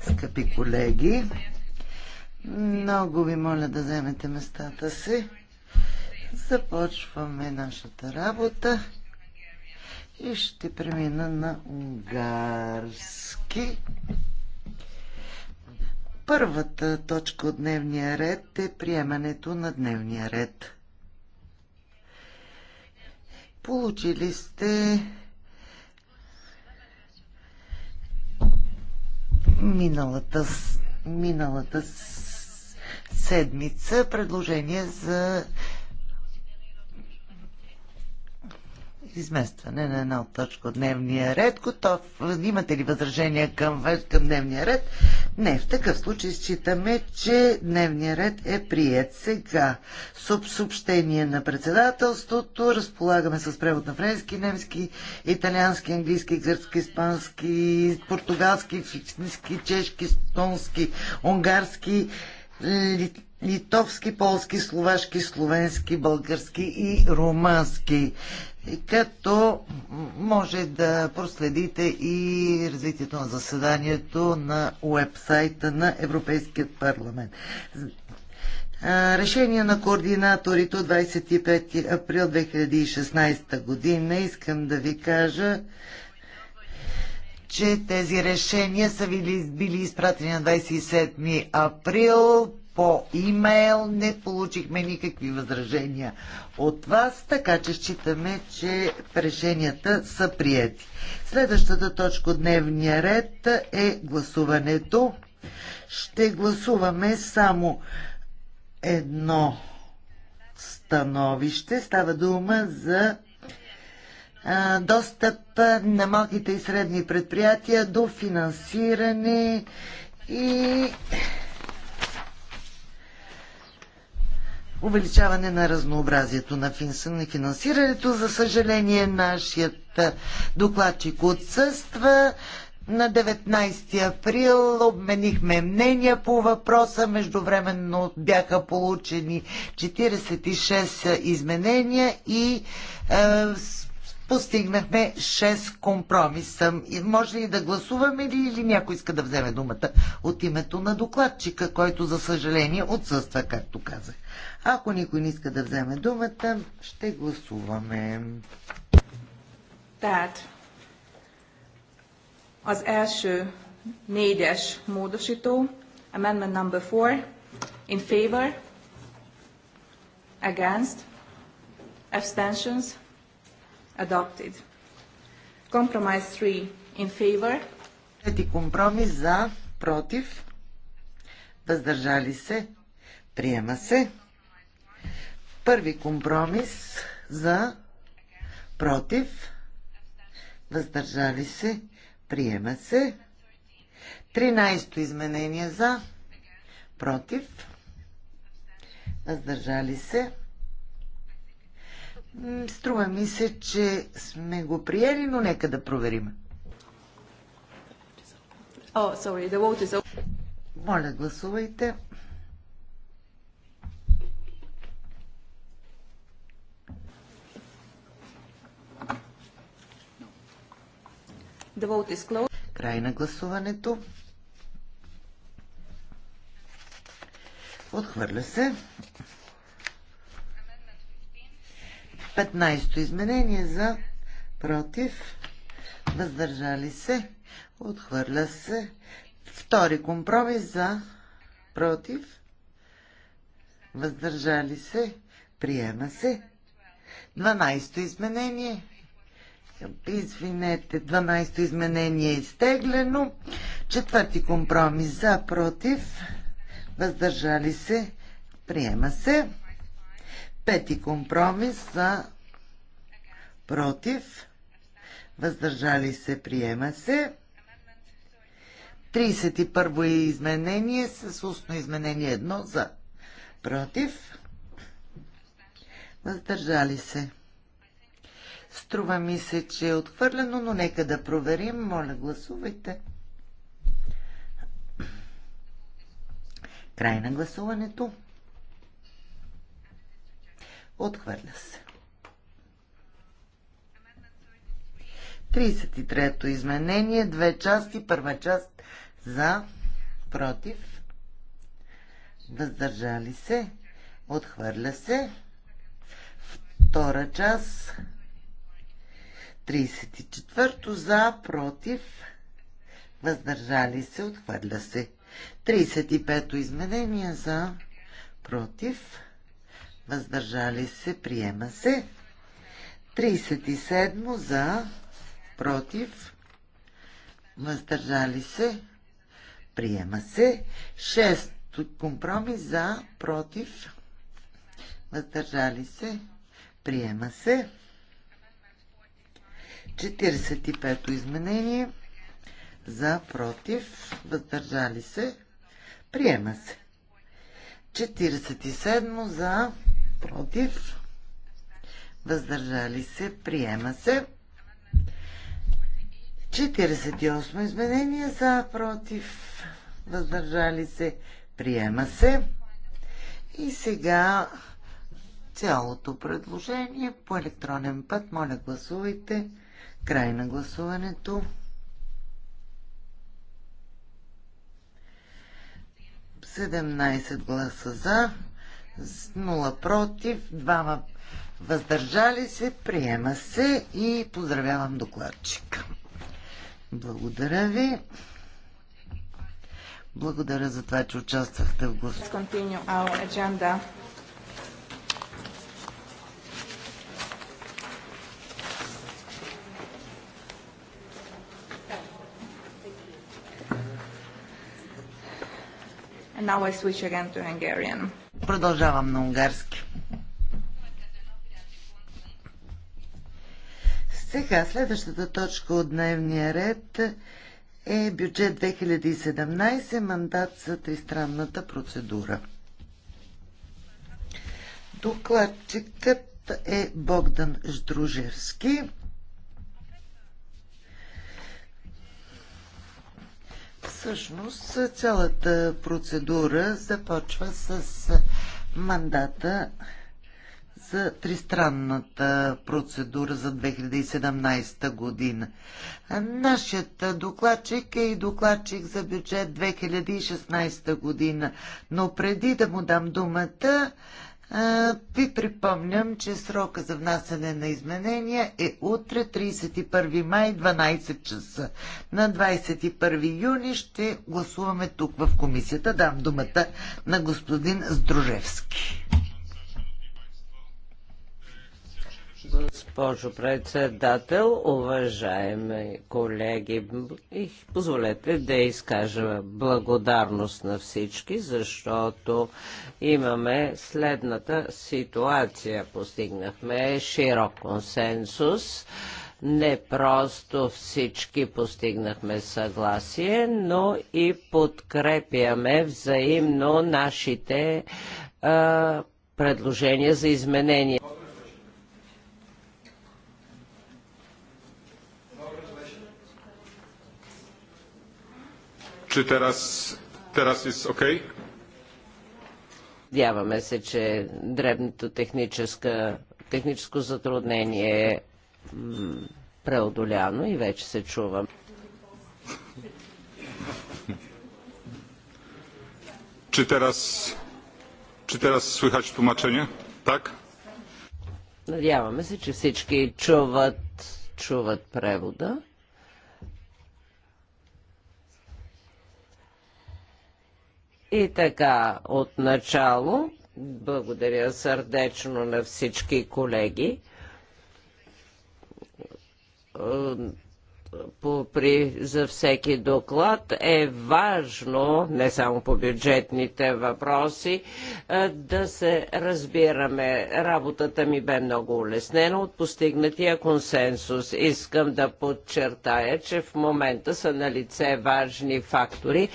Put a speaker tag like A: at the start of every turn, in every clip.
A: Скъпи колеги, много ви моля да вземете местата си. Започваме нашата работа и ще премина на унгарски. Първата точка от дневния ред е приемането на дневния ред. Получили сте миналата, миналата седмица предложение за изместване на една от точка от дневния ред. Готов, имате ли възражения към, към дневния ред? Не, в такъв случай считаме, че дневния ред е прият. Сега, суб съобщение на председателството, разполагаме с превод на френски, немски, италиански, английски, гръцки, испански, португалски, фински, чешки, стонски, унгарски, литовски, полски, словашки, словенски, български и румънски. Като може да проследите и развитието на заседанието на уебсайта на Европейският парламент. Решение на координаторите от 25 април 2016 година искам да ви кажа, че тези решения са били изпратени на 27 април по имейл. Не получихме никакви възражения от вас, така че считаме, че решенията са приети. Следващата точка от дневния ред е гласуването. Ще гласуваме само едно становище. Става дума за достъп на малките и средни предприятия до финансиране и увеличаване на разнообразието на финансирането. За съжаление, нашият докладчик отсъства. На 19 април обменихме мнения по въпроса. Междувременно бяха получени 46 изменения и е, постигнахме 6 компромиса. Може ли да гласуваме или, или някой иска да вземе думата от името на докладчика, който за съжаление отсъства, както казах. Ако никой не иска да вземе думата, ще гласуваме. Tehát
B: az első négyes módosító, amendment number four, in favor, against, abstentions, adopted. Compromise three, in favor.
A: Трети компромис за, против, въздържали се, приема се. Първи компромис за против. Въздържали се. Приема се. 13-то изменение за против. Въздържали се. Струва ми се, че сме го приели, но нека да проверим. Oh, Моля, гласувайте. The vote is closed. Край на гласуването. Отхвърля се. 15-то изменение за против. Въздържали се. Отхвърля се. Втори компромис за против. Въздържали се. Приема се. 12-то изменение Извинете, 12-то изменение е изтеглено. Четвърти компромис за, против, въздържали се, приема се. Пети компромис за, против, въздържали се, приема се. 31 е изменение с устно изменение 1 за, против, въздържали се. Струва ми се, че е отхвърлено, но нека да проверим. Моля, гласувайте. Край на гласуването. Отхвърля се. 33-то изменение, две части, първа част за, против, въздържали се, отхвърля се, втора част 34 за, против, въздържали се, отхвърля се. 35 изменение за, против, въздържали се, приема се. 37 за, против, въздържали се, приема се. 6 компромис за, против, въздържали се, приема се. 45-то изменение. За, против, въздържали се. Приема се. 47 за, против, въздържали се, приема се. 48 изменение за, против, въздържали се, приема се. И сега цялото предложение по електронен път. Моля, гласувайте. Край на гласуването. Седемнайсет гласа за, 0 против, 2 въздържали се, приема се и поздравявам докладчика. Благодаря ви. Благодаря за това, че участвахте в гласа.
B: Now I switch again to
A: Hungarian. Продължавам на унгарски. Сега, следващата точка от дневния ред е бюджет 2017, мандат за тристранната процедура. Докладчикът е Богдан Ждружевски. Всъщност цялата процедура започва с мандата за тристранната процедура за 2017 година. Нашият докладчик е и докладчик за бюджет 2016 година, но преди да му дам думата, ви припомням, че срока за внасяне на изменения е утре, 31 май, 12 часа. На 21 юни ще гласуваме тук в комисията. Дам думата на господин Здружевски.
B: Госпожо председател, уважаеми колеги, позволете да изкажа благодарност на всички, защото имаме следната ситуация. Постигнахме широк консенсус не просто всички постигнахме съгласие, но и подкрепяме взаимно нашите а, предложения за изменения.
A: Czy teraz, teraz jest ok?
B: Надяваме се, че дребното техническо затруднение е преодоляно и вече се чувам.
A: Czy teraz, czy teraz słychać tłumaczenie? Tak?
B: Надяваме се, че всички чуват, чуват превода. И така, от начало, благодаря сърдечно на всички колеги. По, при, за всеки доклад е важно, не само по бюджетните въпроси, да се разбираме. Работата ми бе много улеснена от постигнатия консенсус. Искам да подчертая, че в момента са на лице важни фактори,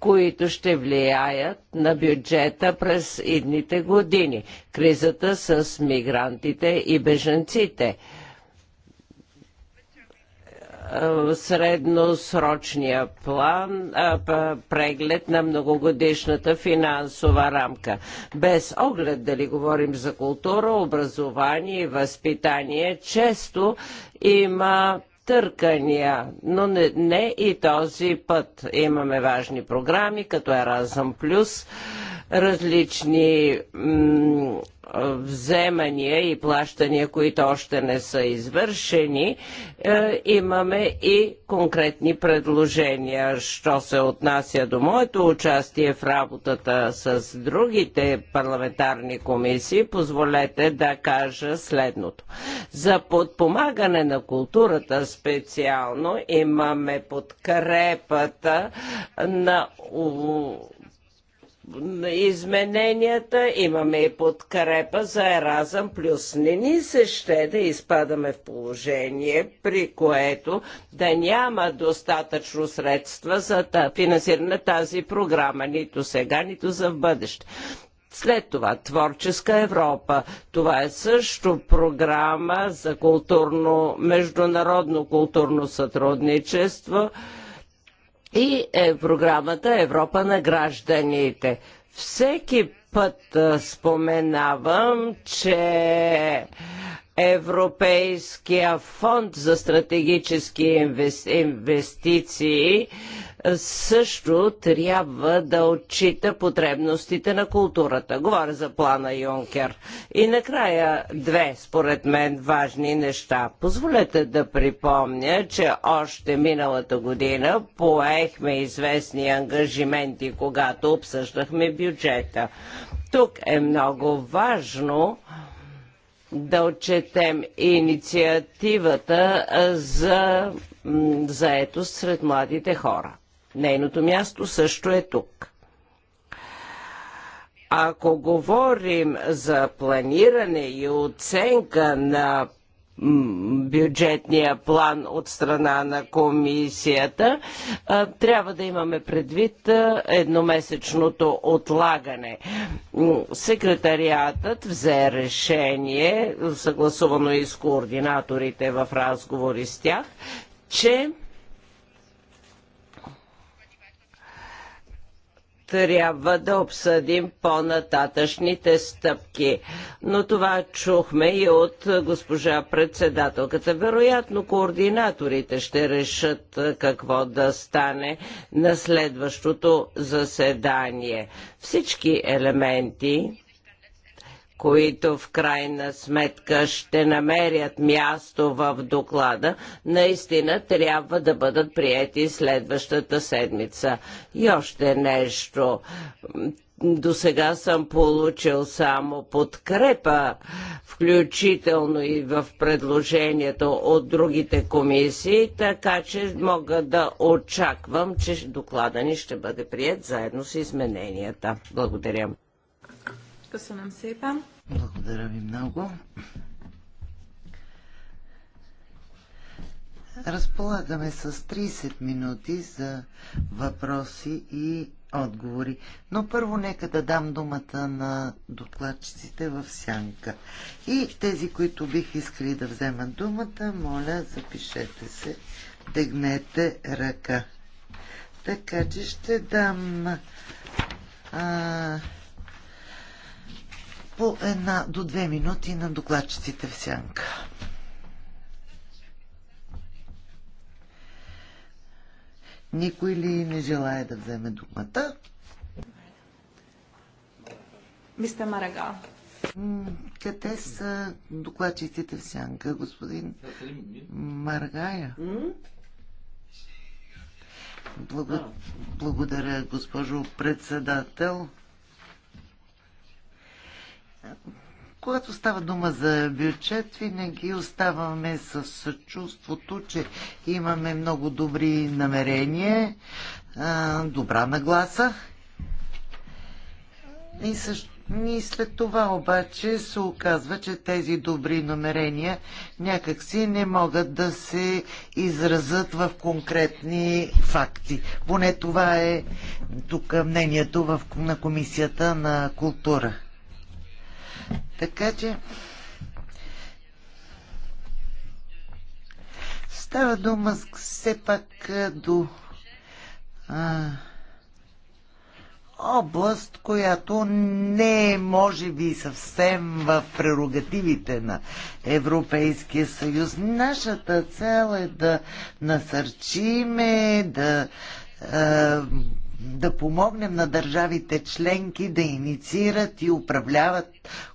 B: които ще влияят на бюджета през идните години. Кризата с мигрантите и беженците е, средносрочния план, е, преглед на многогодишната финансова рамка. Без оглед дали говорим за култура, образование и възпитание, често има търкания, но не, не и този път. Имаме важни програми, като Еразъм Плюс, различни вземания и плащания, които още не са извършени, е, имаме и конкретни предложения. Що се отнася до моето участие в работата с другите парламентарни комисии, позволете да кажа следното. За подпомагане на културата специално имаме подкрепата на измененията, имаме и подкрепа за Еразъм плюс. Не ни се ще да изпадаме в положение, при което да няма достатъчно средства за финансиране на тази програма, нито сега, нито за в бъдеще. След това Творческа Европа. Това е също програма за културно, международно културно сътрудничество и е програмата Европа на гражданите. Всеки път е, споменавам, че Европейския фонд за стратегически инвестиции също трябва да отчита потребностите на културата. Говоря за плана Юнкер. И накрая две, според мен, важни неща. Позволете да припомня, че още миналата година поехме известни ангажименти, когато обсъждахме бюджета. Тук е много важно да отчетем инициативата за заетост сред младите хора. Нейното място също е тук. Ако говорим за планиране и оценка на бюджетния план от страна на комисията, трябва да имаме предвид едномесечното отлагане. Секретариатът взе решение, съгласувано и с координаторите в разговори с тях, че трябва да обсъдим по-нататъчните стъпки. Но това чухме и от госпожа председателката. Вероятно координаторите ще решат какво да стане на следващото заседание. Всички елементи които в крайна сметка ще намерят място в доклада, наистина трябва да бъдат приети следващата седмица. И още нещо. До сега съм получил само подкрепа, включително и в предложението от другите комисии, така че мога да очаквам, че доклада ни ще бъде прият заедно с измененията. Благодаря. Köszönöm szépen.
A: Благодаря ви много. Разполагаме с 30 минути за въпроси и отговори. Но първо нека да дам думата на докладчиците в сянка. И тези, които бих искали да вземат думата, моля, запишете се, дегнете ръка. Така че ще дам а, по една до две минути на докладчиците в сянка. Никой ли не желая да вземе думата?
B: Мистер Марага.
A: Къде са докладчиците в сянка, господин Маргая? Благодаря, госпожо председател. Когато става дума за бюджет, винаги оставаме с чувството, че имаме много добри намерения, добра нагласа. И, също, след това обаче се оказва, че тези добри намерения някакси не могат да се изразят в конкретни факти. Поне това е тук мнението в, на Комисията на култура. Така че става дума все пак до а, област, която не е, може би, съвсем в прерогативите на Европейския съюз. Нашата цел е да насърчиме, да да помогнем на държавите членки да инициират и управляват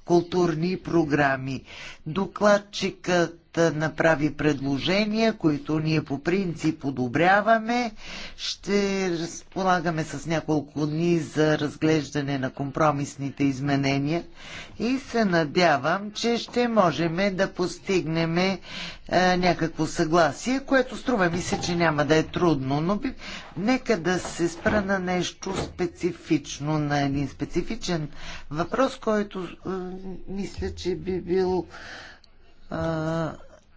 A: културни програми. Докладчикът направи предложения, които ние по принцип одобряваме. Ще разполагаме с няколко дни за разглеждане на компромисните изменения и се надявам, че ще можем да постигнем е, някакво съгласие, което струва ми се, че няма да е трудно, но би... нека да се спра на нещо специфично, на един специфичен въпрос, който е, мисля, че би бил а,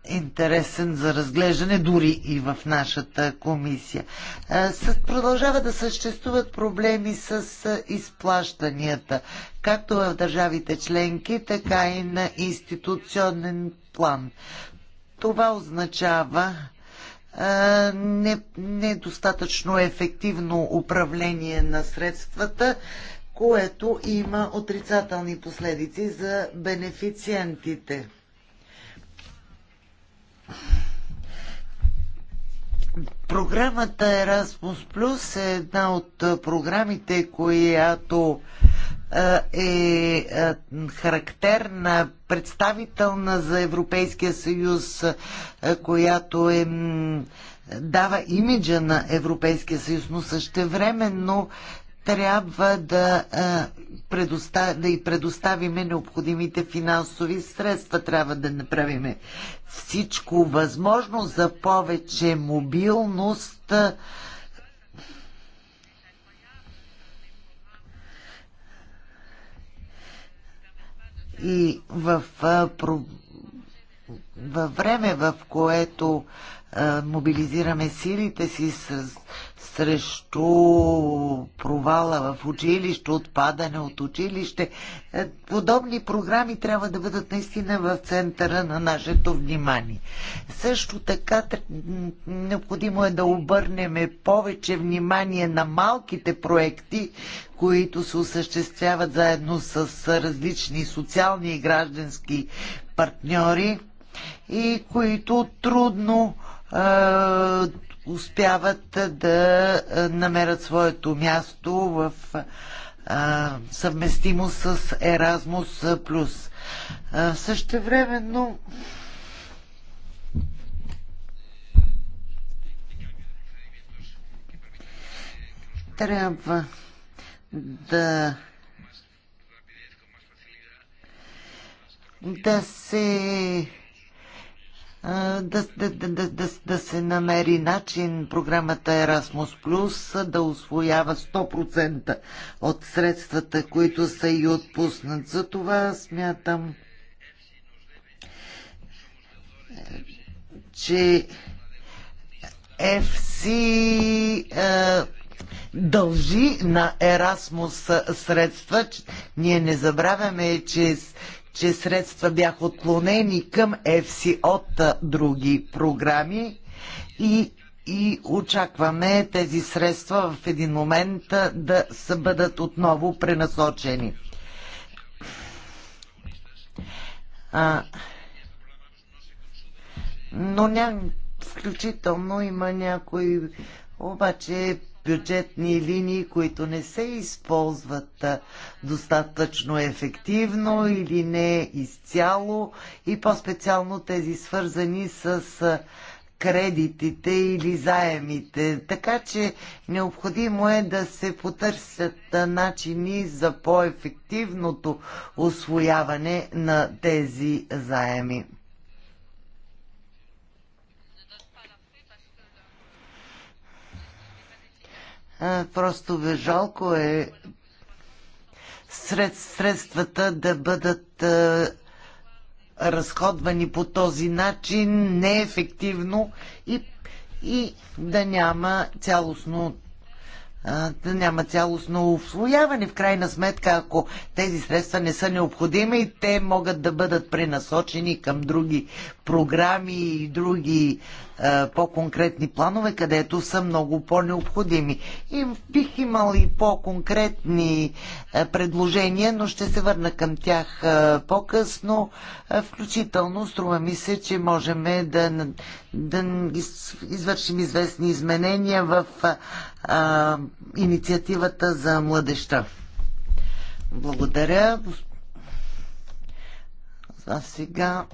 A: интересен за разглеждане, дори и в нашата комисия. А, с, продължава да съществуват проблеми с а, изплащанията, както в държавите членки, така и на институционен план. Това означава недостатъчно не ефективно управление на средствата, което има отрицателни последици за бенефициентите. Програмата Erasmus Plus е една от програмите, която е характерна, представителна за Европейския съюз, която е дава имиджа на Европейския съюз, но същевременно трябва да, е, да и предоставиме необходимите финансови средства. Трябва да направим всичко възможно за повече мобилност. И в, е, във време, в което е, мобилизираме силите си с срещу провала в училище, отпадане от училище. Е, подобни програми трябва да бъдат наистина в центъра на нашето внимание. Също така необходимо е да обърнем повече внимание на малките проекти, които се осъществяват заедно с различни социални и граждански партньори и които трудно успяват да намерят своето място в съвместимост с Еразмус Плюс. Същевременно трябва да да се да, да, да, да, да се намери начин програмата Erasmus Plus да освоява 100% от средствата, които са и отпуснат. За това смятам, че FC е, дължи на Ерасмус средства. Ние не забравяме, че че средства бяха отклонени към ЕФСИ от други програми и, и очакваме тези средства в един момент да са бъдат отново пренасочени. А, но няма включително има някои обаче бюджетни линии, които не се използват достатъчно ефективно или не изцяло и по-специално тези свързани с кредитите или заемите. Така че необходимо е да се потърсят начини за по-ефективното освояване на тези заеми. Просто жалко е сред средствата да бъдат разходвани по този начин неефективно и, и да няма цялостно да няма цялостно освояване. В крайна сметка, ако тези средства не са необходими, те могат да бъдат пренасочени към други програми и други по-конкретни планове, където са много по-необходими. И бих имал и по-конкретни предложения, но ще се върна към тях по-късно. включително, струва ми се, че можем да, да извършим известни изменения в инициативата за младеща. Благодаря. А сега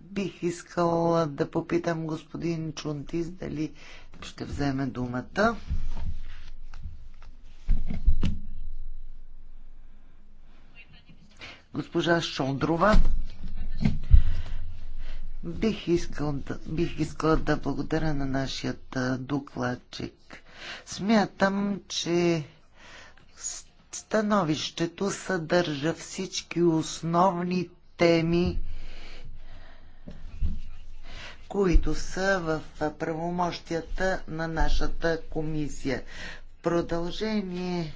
A: бих искал да попитам господин Чунтис дали ще вземе думата. Госпожа Шондрова. Бих, искал да, бих искала да благодаря на нашия докладчик. Смятам, че становището съдържа всички основни теми, които са в правомощията на нашата комисия. Продължение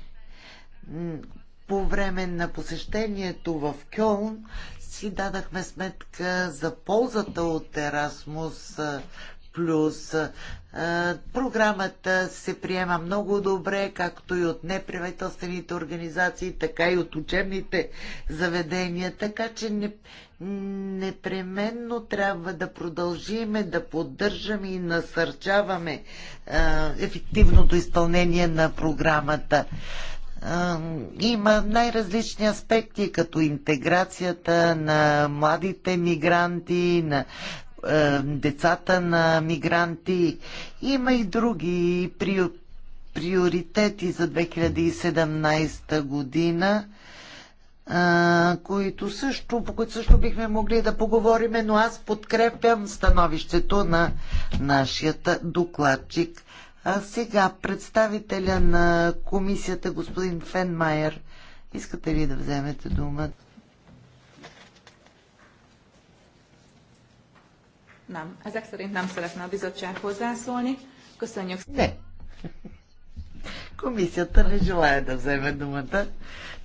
A: по време на посещението в Кьолн си дадахме сметка за ползата от Ерасмус плюс. Програмата се приема много добре, както и от неправителствените организации, така и от учебните заведения, така че не, непременно трябва да продължиме да поддържаме и насърчаваме ефективното изпълнение на програмата има най-различни аспекти, като интеграцията на младите мигранти, на децата на мигранти. Има и други приоритети за 2017 година, които също, по които също бихме могли да поговорим, но аз подкрепям становището на нашия докладчик. А сега представителя на комисията, господин Фенмайер, искате ли да вземете думата? Не. Комисията не желая да вземе думата,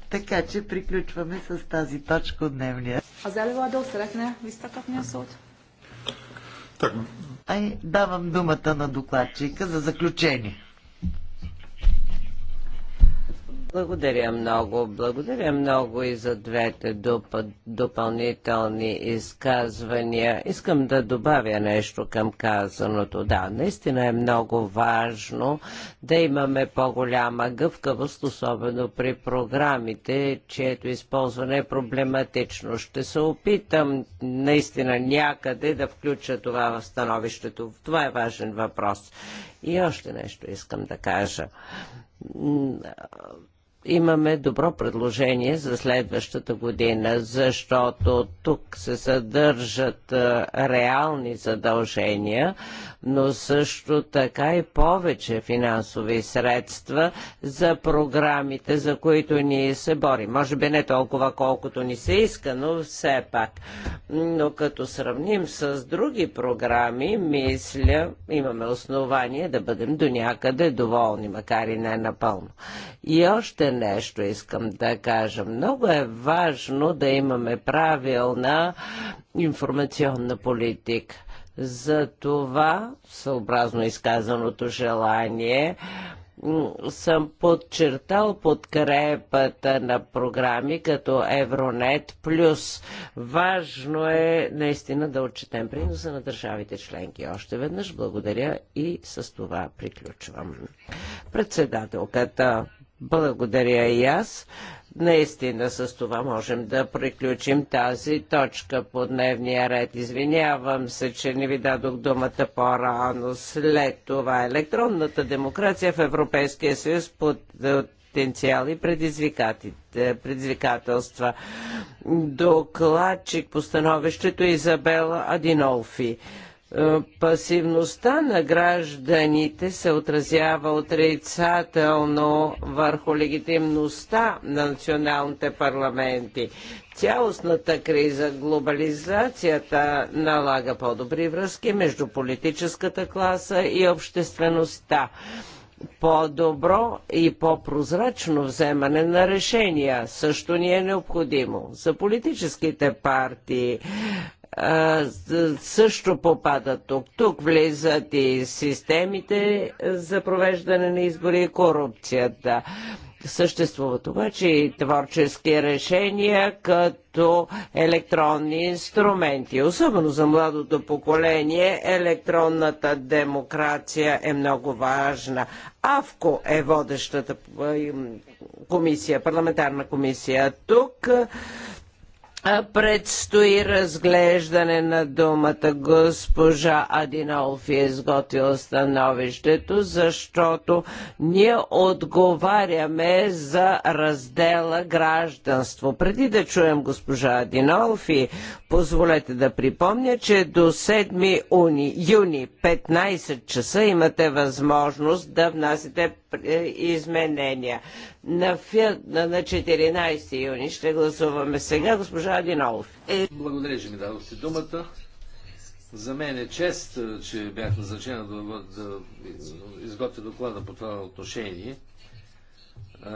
A: така че приключваме с тази точка от дневния. Аз за előadó szeretne visszakapni Так, Ай, давам думата на докладчика за заключение.
B: Благодаря много. Благодаря много и за двете доп... допълнителни изказвания. Искам да добавя нещо към казаното. Да, наистина е много важно да имаме по-голяма гъвкавост, особено при програмите, чието използване е проблематично. Ще се опитам наистина някъде да включа това в становището. Това е важен въпрос. И още нещо искам да кажа имаме добро предложение за следващата година, защото тук се съдържат реални задължения но също така и повече финансови средства за програмите, за които ние се борим. Може би не толкова колкото ни се иска, но все пак. Но като сравним с други програми, мисля, имаме основание да бъдем до някъде доволни, макар и не напълно. И още нещо искам да кажа. Много е важно да имаме правилна информационна политика. За това, съобразно изказаното желание, съм подчертал подкрепата на програми като Евронет Плюс. Важно е наистина да отчетем приноса на държавите членки. Още веднъж благодаря и с това приключвам. Председателката благодаря и аз. Наистина с това можем да приключим тази точка по дневния ред. Извинявам се, че не ви дадох думата по-рано. След това електронната демокрация в Европейския съюз под потенциали предизвикателства. Докладчик по становището Изабела Адинолфи. Е, пасивността на гражданите се отразява отрицателно върху легитимността на националните парламенти. Цялостната криза, глобализацията налага по-добри връзки между политическата класа и обществеността по-добро и по-прозрачно вземане на решения също ни е необходимо. За политическите партии също попадат тук. Тук влизат и системите за провеждане на избори и корупцията. Съществуват обаче и творчески решения, като електронни инструменти. Особено за младото поколение електронната демокрация е много важна. АВКО е водещата комисия, парламентарна комисия тук. Предстои разглеждане на думата. Госпожа Адинолф е изготвила становището, защото ние отговаряме за раздела гражданство. Преди да чуем госпожа Адинолф, позволете да припомня, че до 7 юни 15 часа имате възможност да внасите е, изменения. На, фи... на 14 юни ще гласуваме сега госпожа Адинолов. Е...
C: Благодаря, че ми дадохте
B: думата. За мен
C: е чест, е, че бях назначена да, да изготвя доклада по това отношение. Е,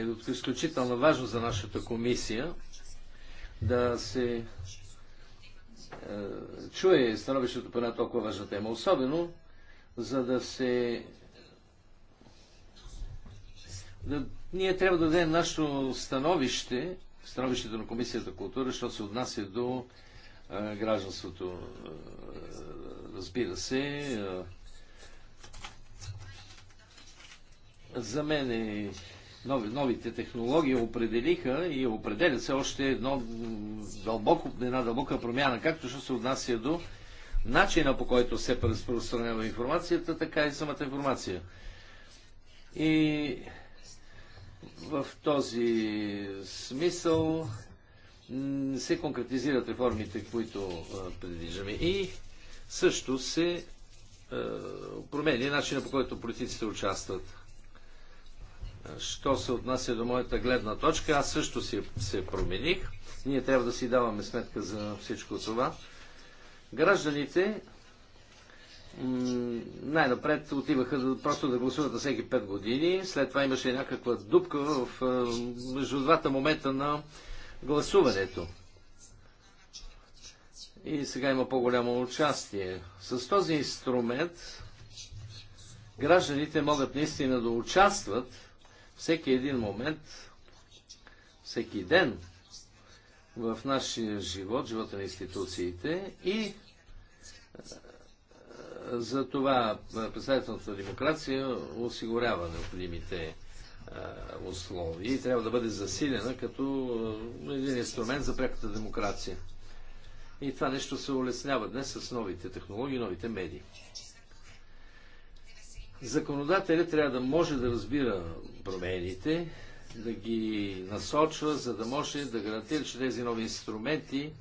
C: е от изключително важно за нашата комисия да се чуе становището по една толкова важна тема, особено за да се да, ние трябва да дадем нашето становище, становището на Комисията култура, защото се отнася до а, гражданството. А, разбира се, а, за мен е, нови, новите технологии определиха и определят се още едно дълбоко, една дълбока промяна, както ще се отнася до начина по който се разпространява информацията, така и самата информация. И в този смисъл се конкретизират реформите, които предвиждаме и също се променя начина по който политиците участват. Що се отнася до моята гледна точка, аз също си, се промених. Ние трябва да си даваме сметка за всичко това. Гражданите най-напред отиваха просто да гласуват на всеки 5 години. След това имаше някаква дупка в, между двата момента на гласуването. И сега има по-голямо участие. С този инструмент гражданите могат наистина да участват всеки един момент, всеки ден в нашия живот, живота на институциите и за това представителната демокрация осигурява необходимите условия и трябва да бъде засилена като един инструмент за пряката демокрация. И това нещо се улеснява днес с новите технологии, новите медии. Законодателят трябва да може да разбира промените, да ги насочва, за да може да гарантира, че тези нови инструменти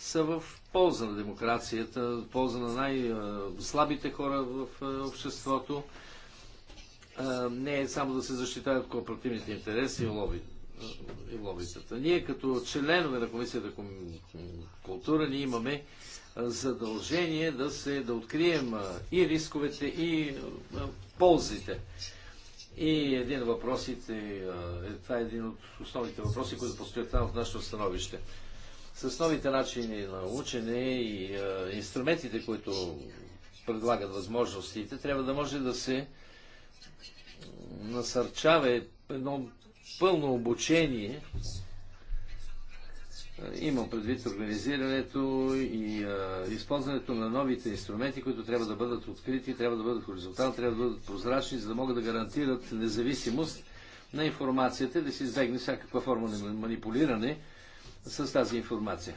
C: са в полза на демокрацията, полза на най-слабите хора в е, обществото. Е, не е само да се защитават корпоративните интереси и, лоби, е, и лобитата. Ние като членове на Комисията култура ние имаме задължение да, се, да открием и рисковете, и ползите. И един от въпросите, това е един от основните въпроси, които постоят там в нашето становище. С новите начини на учене и а, е, инструментите, които предлагат възможностите, трябва да може да се насърчава едно пълно обучение. Е, Имам предвид организирането и а, е, използването на новите инструменти, които трябва да бъдат открити, трябва да бъдат хоризонтални, трябва да бъдат прозрачни, за да могат да гарантират независимост на информацията, да се избегне всякаква форма на манипулиране с тази информация.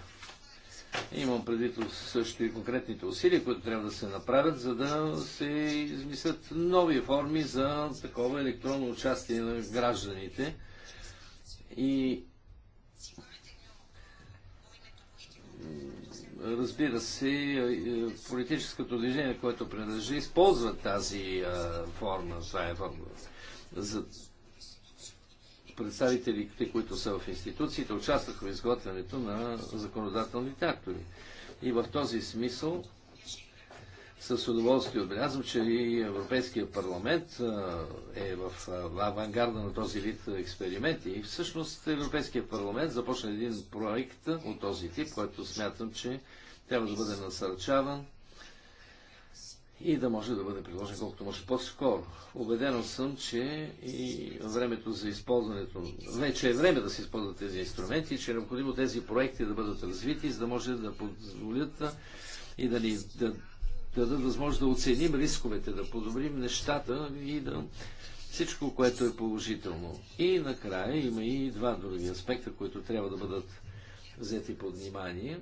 C: Имам предвид също и конкретните усилия, които трябва да се направят, за да се измислят нови форми за такова електронно участие на гражданите. И разбира се, политическото движение, което принадлежи, използва тази форма, това е форма. За представителите, които са в институциите, участват в изготвянето на законодателните актори. И в този смисъл с удоволствие отбелязвам, че и Европейския парламент е в авангарда на този вид експерименти. И всъщност Европейския парламент започна един проект от този тип, който смятам, че трябва да бъде насърчаван и да може да бъде приложен колкото може по-скоро. Обедено съм, че и времето за използването, вече е време да се използват тези инструменти, че е необходимо тези проекти да бъдат развити, за да може да позволят и да ни да, да дадат възможност да оценим рисковете, да подобрим нещата и да всичко, което е положително. И накрая има и два други аспекта, които трябва да бъдат взети под внимание.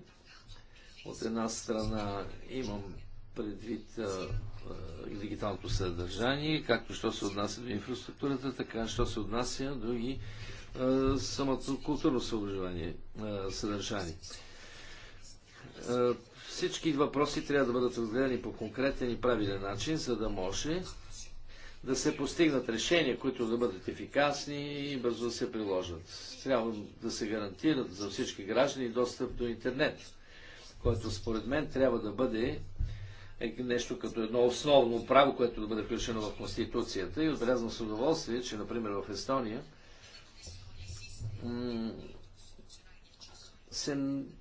C: От една страна имам предвид а, а, дигиталното съдържание, както що се отнася до инфраструктурата, така що се отнася до и а, самото културно съображение, съдържание. Всички въпроси трябва да бъдат разгледани по конкретен и правилен начин, за да може да се постигнат решения, които да бъдат ефикасни и бързо да се приложат. Трябва да се гарантират за всички граждани достъп до интернет, който според мен трябва да бъде е нещо като едно основно право, което да бъде включено в Конституцията. И отбелязвам с удоволствие, че, например, в Естония се,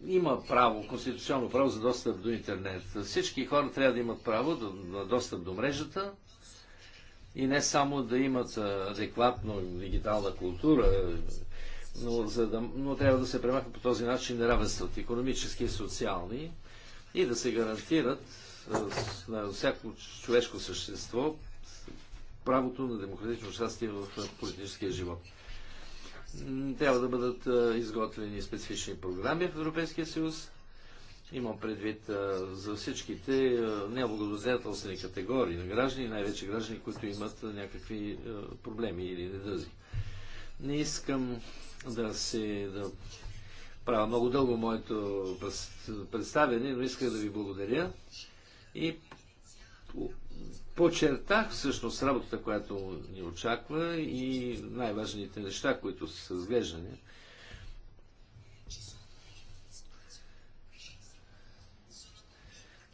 C: има право, конституционно право за достъп до интернет. Всички хора трябва да имат право да, на достъп до мрежата и не само да имат адекватно дигитална култура, но, за да, но трябва да се премахне по този начин неравенствата, економически и социални, и да се гарантират на всяко човешко същество правото на демократично участие в политическия живот. Трябва да бъдат изготвени специфични програми в Европейския съюз. Имам предвид за всичките неблагодозетелствени категории на граждани, най-вече граждани, които имат някакви проблеми или недъзи. Не искам да се да правя много дълго моето представяне, но исках да ви благодаря и почертах всъщност работата, която ни очаква и най-важните неща, които са разглеждани.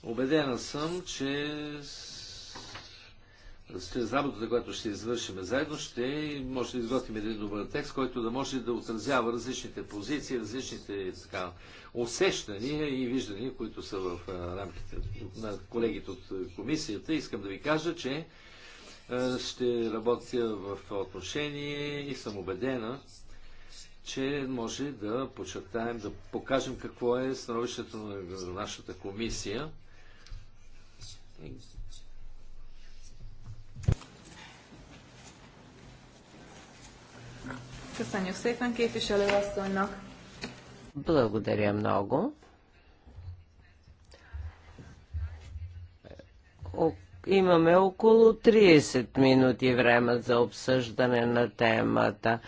C: Обедена съм, че с работата, която ще извършим заедно, ще може да изготвим един добър текст, който да може да отразява различните позиции, различните така, усещания и виждания, които са в рамките на колегите от комисията. Искам да ви кажа, че ще работя в това отношение и съм убедена, че може да подчертаем, да покажем какво е становището на нашата комисия
A: Köszönjük szépen képviselőasszonynak.
B: Благодаря много. Имаме около 30 минути време за обсъждане на темата.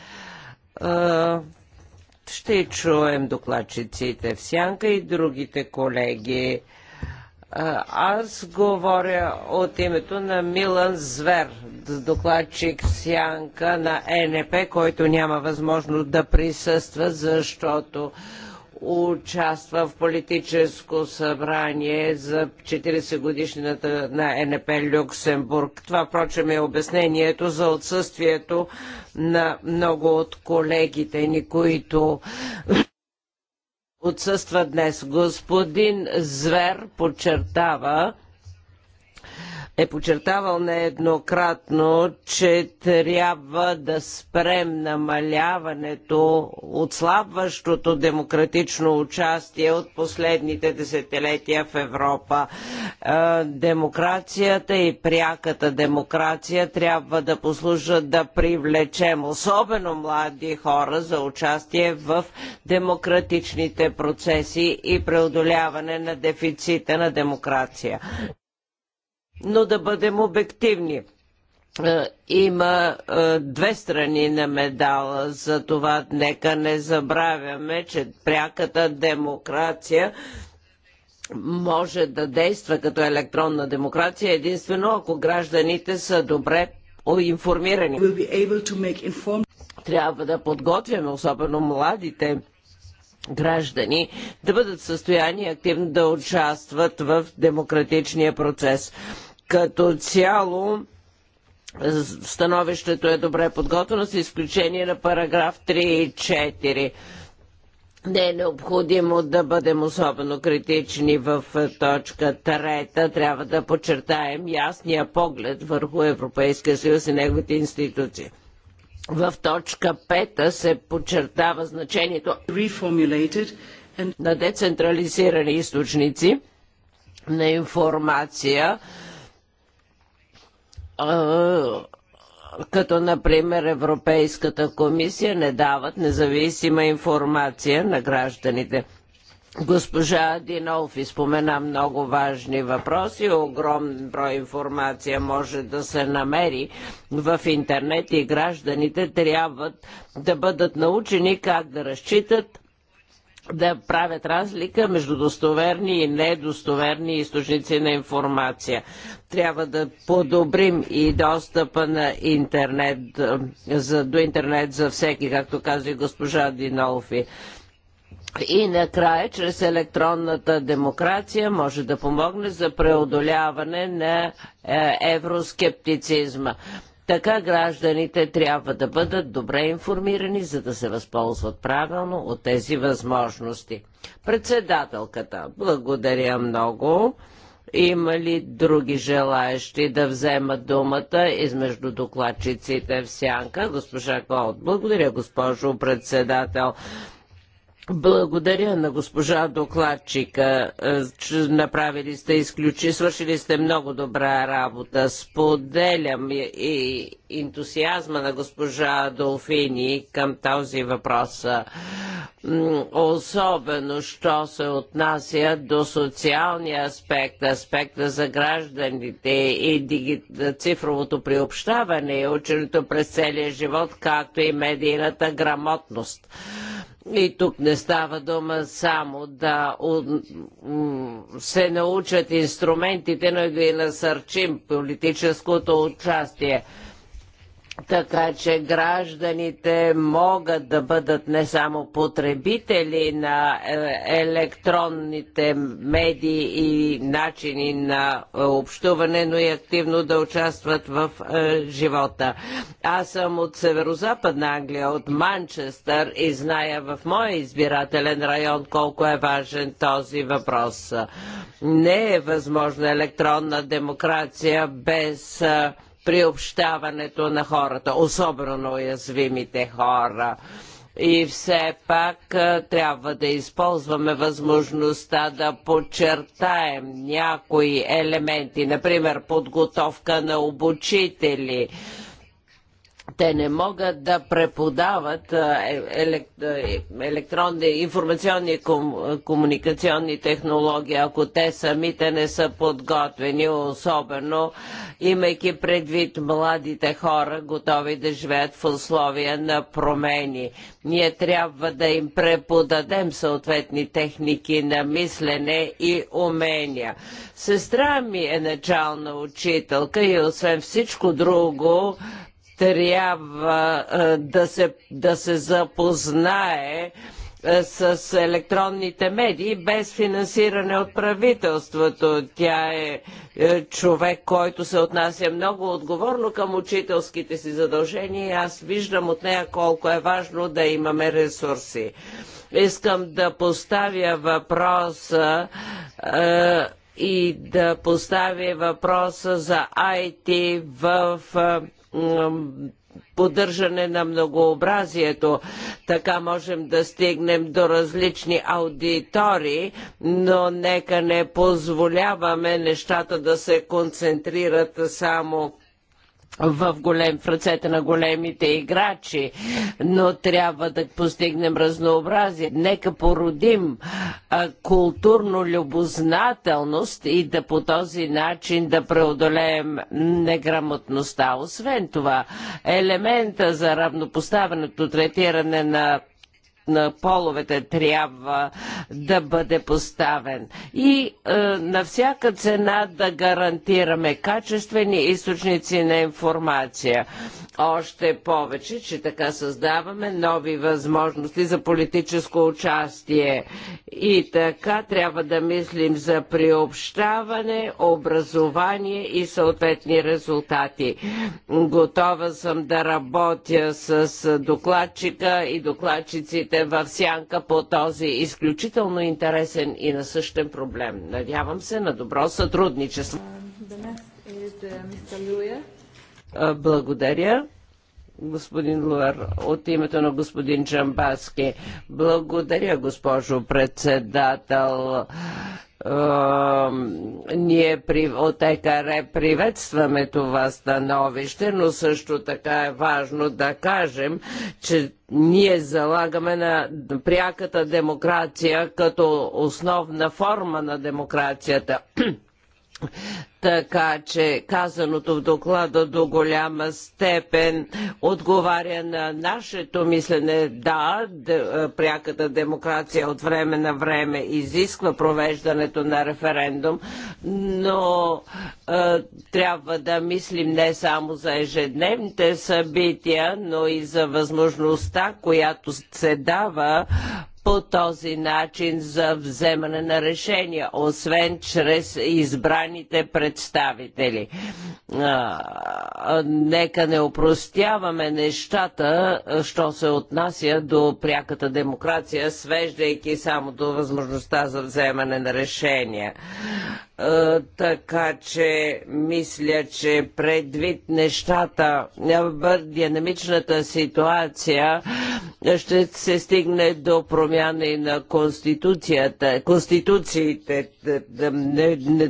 B: Ще чуем докладчиците в сянка и другите колеги. Аз говоря от името на Милан Звер, докладчик Сянка на ЕНП, който няма възможност да присъства, защото участва в политическо събрание за 40 годишнината на е НП Люксембург. Това, впрочем, е обяснението за отсъствието на много от колегите ни, които отсъстват днес. Господин Звер подчертава, е подчертавал нееднократно, че трябва да спрем намаляването, отслабващото демократично участие от последните десетилетия в Европа. Е, демокрацията и пряката демокрация трябва да послужат да привлечем особено млади хора за участие в демократичните процеси и преодоляване на дефицита на демокрация но да бъдем обективни е, има е, две страни на медала, за това нека не забравяме, че пряката демокрация може да действа като електронна демокрация единствено ако гражданите са добре информирани. Трябва да подготвяме, особено младите граждани да бъдат в състояние активно да участват в демократичния процес. Като цяло становището е добре подготвено с изключение на параграф 3 и 4. Не е необходимо да бъдем особено критични в е, точка трета. Трябва да подчертаем ясния поглед върху Европейския съюз и неговите институции. В точка пета се подчертава значението на децентрализирани източници на информация като например Европейската комисия, не дават независима информация на гражданите. Госпожа Динолф изпомена много важни въпроси. Огромен брой информация може да се намери в интернет и гражданите трябва да бъдат научени как да разчитат да правят разлика между достоверни и недостоверни източници на информация. Трябва да подобрим и достъпа на интернет, за, до интернет за всеки, както каза и госпожа Динолфи. И накрая, чрез електронната демокрация може да помогне за преодоляване на е, евроскептицизма. Така гражданите трябва да бъдат добре информирани, за да се възползват правилно от тези възможности. Председателката, благодаря много. Има ли други желаящи да вземат думата измежду докладчиците в сянка? Госпожа Голд, благодаря, госпожо председател. Благодаря на госпожа докладчика. Е, направили сте изключи, свършили сте много добра работа. Споделям и ентусиазма на госпожа Долфини към този въпрос. Е, особено, що се отнася до социалния аспект, аспекта за гражданите и цифровото приобщаване и ученето през целия живот, както и медийната грамотност и тук не става дума само да се научат инструментите, но и да насърчим политическото участие така че гражданите могат да бъдат не само потребители на е, електронните медии и начини на е, общуване, но и активно да участват в е, живота. Аз съм от Северо-Западна Англия, от Манчестър и зная в моя избирателен район колко е важен този въпрос. Не е възможна електронна демокрация без приобщаването на хората, особено на уязвимите хора. И все пак трябва да използваме възможността да подчертаем някои елементи, например подготовка на обучители, те не могат да преподават е, е, електронни информационни комуникационни технологии, ако те самите не са подготвени, особено имайки предвид младите хора, готови да живеят в условия на промени. Ние трябва да им преподадем съответни техники на мислене и умения. Сестра ми е начална учителка и освен всичко друго, трябва е, да се, да се запознае е, с електронните медии без финансиране от правителството. Тя е, е човек, който се отнася много отговорно към учителските си задължения и аз виждам от нея колко е важно да имаме ресурси. Искам да поставя въпроса е, и да поставя въпроса за IT в е, поддържане на многообразието. Така можем да стигнем до различни аудитории, но нека не позволяваме нещата да се концентрират само в, голем, в ръцете на големите играчи, но трябва да постигнем разнообразие. Нека породим а, културно любознателност и да по този начин да преодолеем неграмотността. Освен това, елемента за равнопоставеното третиране на на половете трябва да бъде поставен. И е, на всяка цена да гарантираме качествени източници на информация. Още повече, че така създаваме нови възможности за политическо участие. И така трябва да мислим за приобщаване, образование и съответни резултати. Готова съм да работя с докладчика и докладчиците докладчиците в сянка по този изключително интересен и насъщен проблем. Надявам се на добро сътрудничество.
A: Е,
B: е, благодаря господин Луар, от името на господин Джамбаски. Благодаря, госпожо председател. ние от ЕКР приветстваме това становище, но също така е важно да кажем, че ние залагаме на пряката демокрация като основна форма на демокрацията. Така че казаното в доклада до голяма степен отговаря на нашето мислене. Да, пряката демокрация от време на време изисква провеждането на референдум, но е, трябва да мислим не само за ежедневните събития, но и за възможността, която се дава по този начин за вземане на решения, освен чрез избраните представители. Нека не опростяваме нещата, що се отнася до пряката демокрация, свеждайки само до възможността за вземане на решения. Така че мисля, че предвид нещата, динамичната ситуация, ще се стигне до промяна промяна и на конституцията, конституциите.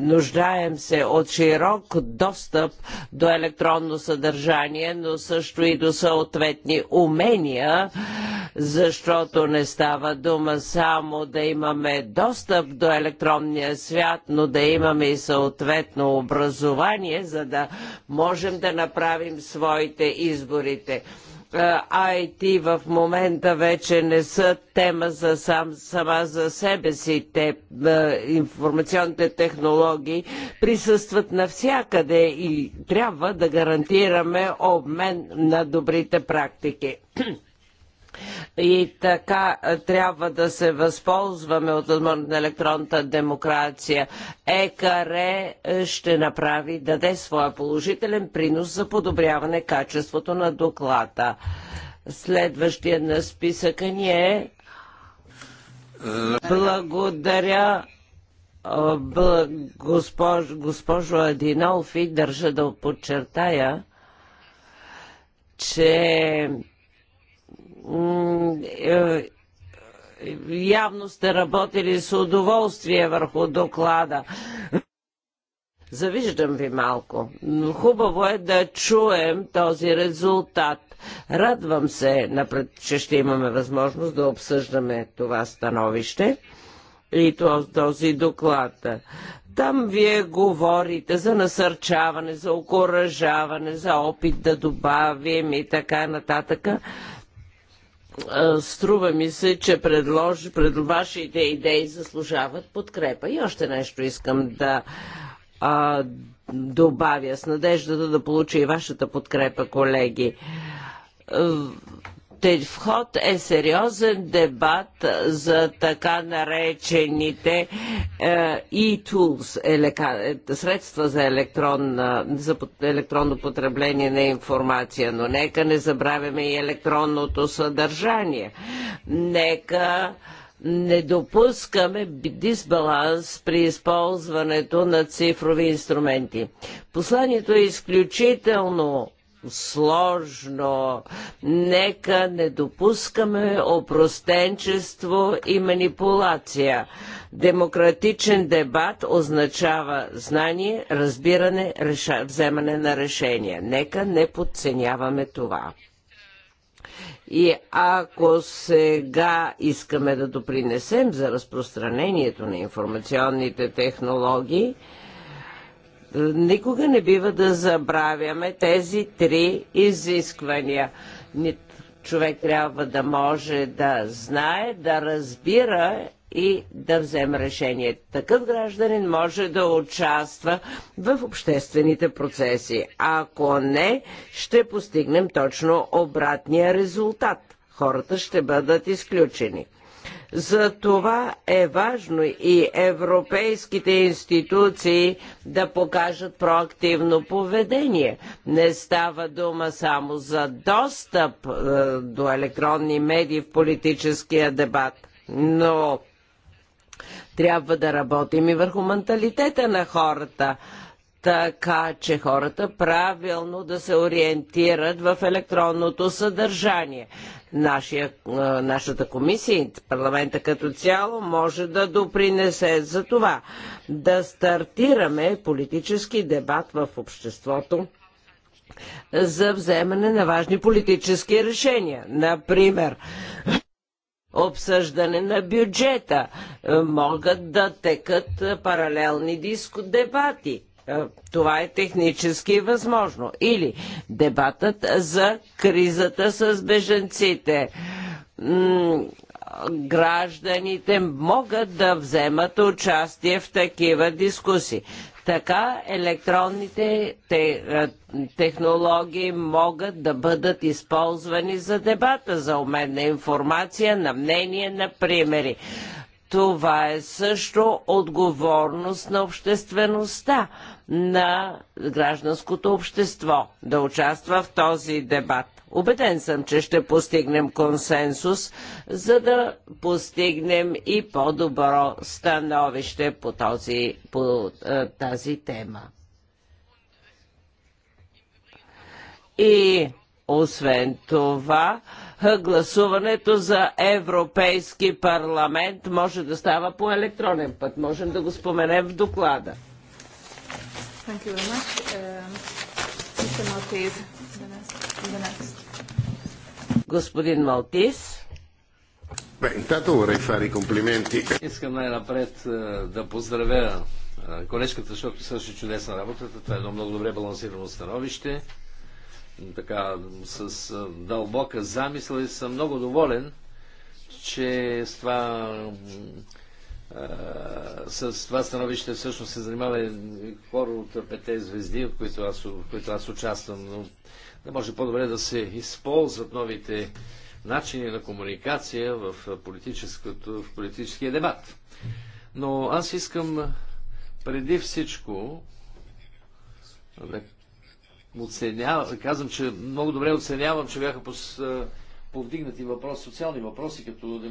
B: нуждаем се от широк достъп до електронно съдържание, но също и до съответни умения, защото не става дума само да имаме достъп до електронния свят, но да имаме и съответно образование, за да можем да направим своите изборите. IT е, в момента вече не са тема за сам, сама за себе си. Те, е, информационните технологии присъстват навсякъде и трябва да гарантираме обмен на добрите практики. И така е, трябва да се възползваме от възможност на електронната демокрация. ЕКАРЕ е, ще направи, даде своя положителен принос за подобряване качеството на доклада. Следващия на списъка ни е благодаря, е, госпож, госпожо Адинолфи, държа да подчертая, че е, явно сте работили с удоволствие върху доклада. Завиждам ви малко. Хубаво е да чуем този резултат. Радвам се, напред, че ще имаме възможност да обсъждаме това становище и този доклад. Там вие говорите за насърчаване, за окоръжаване, за опит да добавим и така нататък струва ми се, че предлож, пред вашите идеи заслужават подкрепа. И още нещо искам да а, добавя с надеждата да получа и вашата подкрепа, колеги вход е сериозен дебат за така наречените е, e-tools, е, средства за, е, за електронно потребление на информация, но нека не забравяме и електронното съдържание. Нека не допускаме дисбаланс при използването на цифрови инструменти. Посланието е изключително сложно. Нека не допускаме опростенчество и манипулация. Демократичен дебат означава знание, разбиране, реша... вземане на решения. Нека не подценяваме това. И ако сега искаме да допринесем за разпространението на информационните технологии, Никога не бива да забравяме тези три изисквания. Човек трябва да може да знае, да разбира и да вземе решение. Такъв гражданин може да участва в обществените процеси. Ако не, ще постигнем точно обратния резултат. Хората ще бъдат изключени. За това е важно и европейските институции да покажат проактивно поведение. Не става дума само за достъп е, до електронни медии в политическия дебат, но трябва да работим и върху менталитета на хората така че хората правилно да се ориентират в електронното съдържание. Нашия, нашата комисия, и парламента като цяло, може да допринесе за това. Да стартираме политически дебат в обществото за вземане на важни политически решения. Например, обсъждане на бюджета. Могат да текат паралелни диско дебати е, това е технически възможно. Или дебатът за кризата с беженците гражданите могат да вземат участие в такива дискусии. Така електронните е, технологии могат да бъдат използвани за дебата, за обмен на информация, на мнение, на примери. Това е също отговорност на обществеността на гражданското общество да участва в този дебат. Обеден съм, че ще постигнем консенсус, за да постигнем и по-добро становище по, този, по е, тази тема. И освен това, гласуването за Европейски парламент може да става по електронен път. Можем да го споменем в доклада.
C: Thank you very much. Mr. Um, Maltese, the next.
B: Господин Малтис. Бе, intanto комплименти. Искам
C: най-напред е, да поздравя е, колежката, защото също чудесна работата. Това е едно много добре балансирано становище. Така, с е, дълбока замисъл и съм много доволен, че с това с това становище всъщност се занимава хора от пете звезди, в които аз, в които аз участвам, но да може по-добре да се използват новите начини на комуникация в, политическото, в политическия дебат. Но аз искам преди всичко да оценявам, казвам, че много добре оценявам, че бяха повдигнати въпроси, социални въпроси, като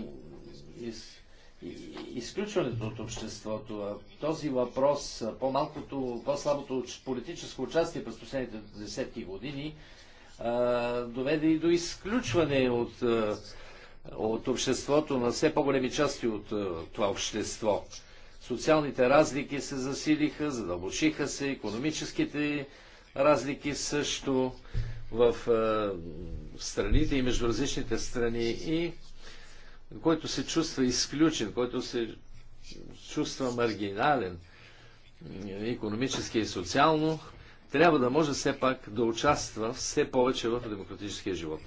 C: изключването от обществото, този въпрос, по-малкото, по-слабото политическо участие през последните десетки години, доведе и до изключване от, от обществото на все по-големи части от това общество. Социалните разлики се засилиха, задълбочиха се, економическите разлики също в страните и между различните страни и който се чувства изключен, който се чувства маргинален, економически и социално, трябва да може все пак да участва все повече в демократическия живот.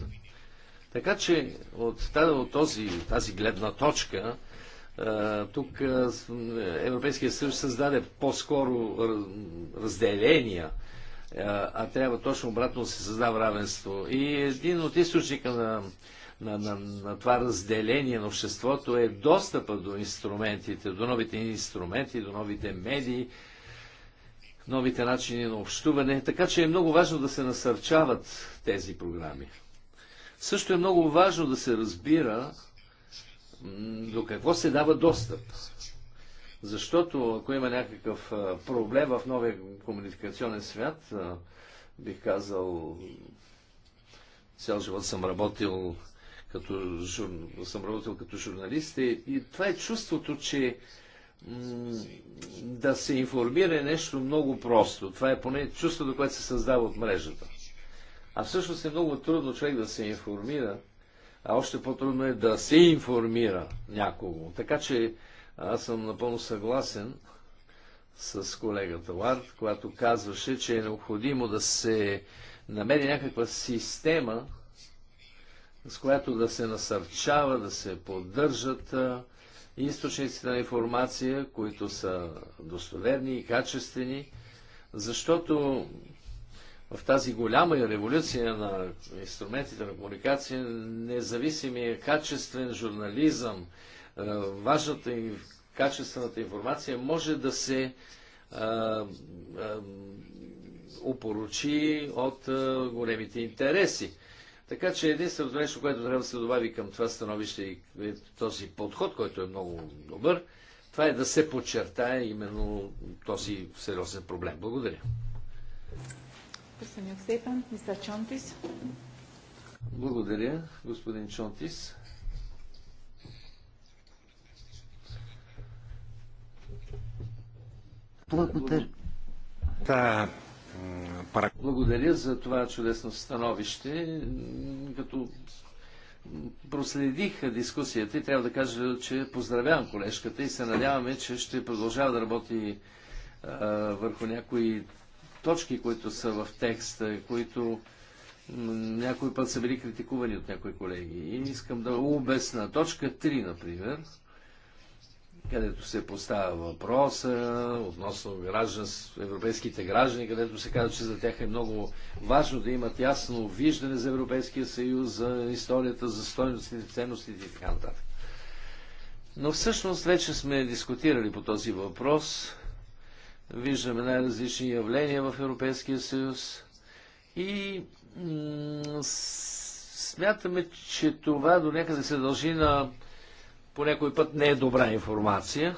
C: Така че от, тази, от този, тази гледна точка, тук Европейския съюз създаде по-скоро разделения, а трябва точно обратно да се създава равенство. И един от източника на на, на, на това разделение на обществото е достъпа до инструментите, до новите инструменти, до новите медии, новите начини на общуване. Така че е много важно да се насърчават тези програми. Също е много важно да се разбира до какво се дава достъп. Защото ако има някакъв проблем в новия комуникационен свят, бих казал, цял живот съм работил като жур... съм работил като журналист и, и това е чувството, че да се информира е нещо много просто. Това е поне чувството, което се създава от мрежата. А всъщност е много трудно човек да се информира, а още по-трудно е да се информира някого. Така че аз съм напълно съгласен с колегата Ларт, която казваше, че е необходимо да се намери някаква система, с която да се насърчава, да се поддържат източниците на информация, които са достоверни и качествени, защото в тази голяма революция на инструментите на комуникация, независимия качествен журнализъм, важната и качествената информация може да се опоручи от големите интереси. Така че единственото нещо, което трябва да се добави към това становище и е този подход, който е много добър, това е да се подчертае именно този сериозен проблем. Благодаря. Благодаря, господин Чонтис. Благодаря. Благодаря за това чудесно становище. Като проследих дискусията и трябва да кажа, че поздравявам колежката и се надяваме, че ще продължава да работи а, върху някои точки, които са в текста, които някой път са били критикувани от някои колеги. И искам да обясна. Точка 3, например, където се поставя въпроса относно европейските граждани, където се казва, че за тях е много важно да имат ясно виждане за Европейския съюз, за историята, за стойностите, ценностите и така нататък. Но всъщност вече сме дискутирали по този въпрос. Виждаме най-различни явления в Европейския съюз и смятаме, че това до някъде се дължи на по някой път не е добра информация,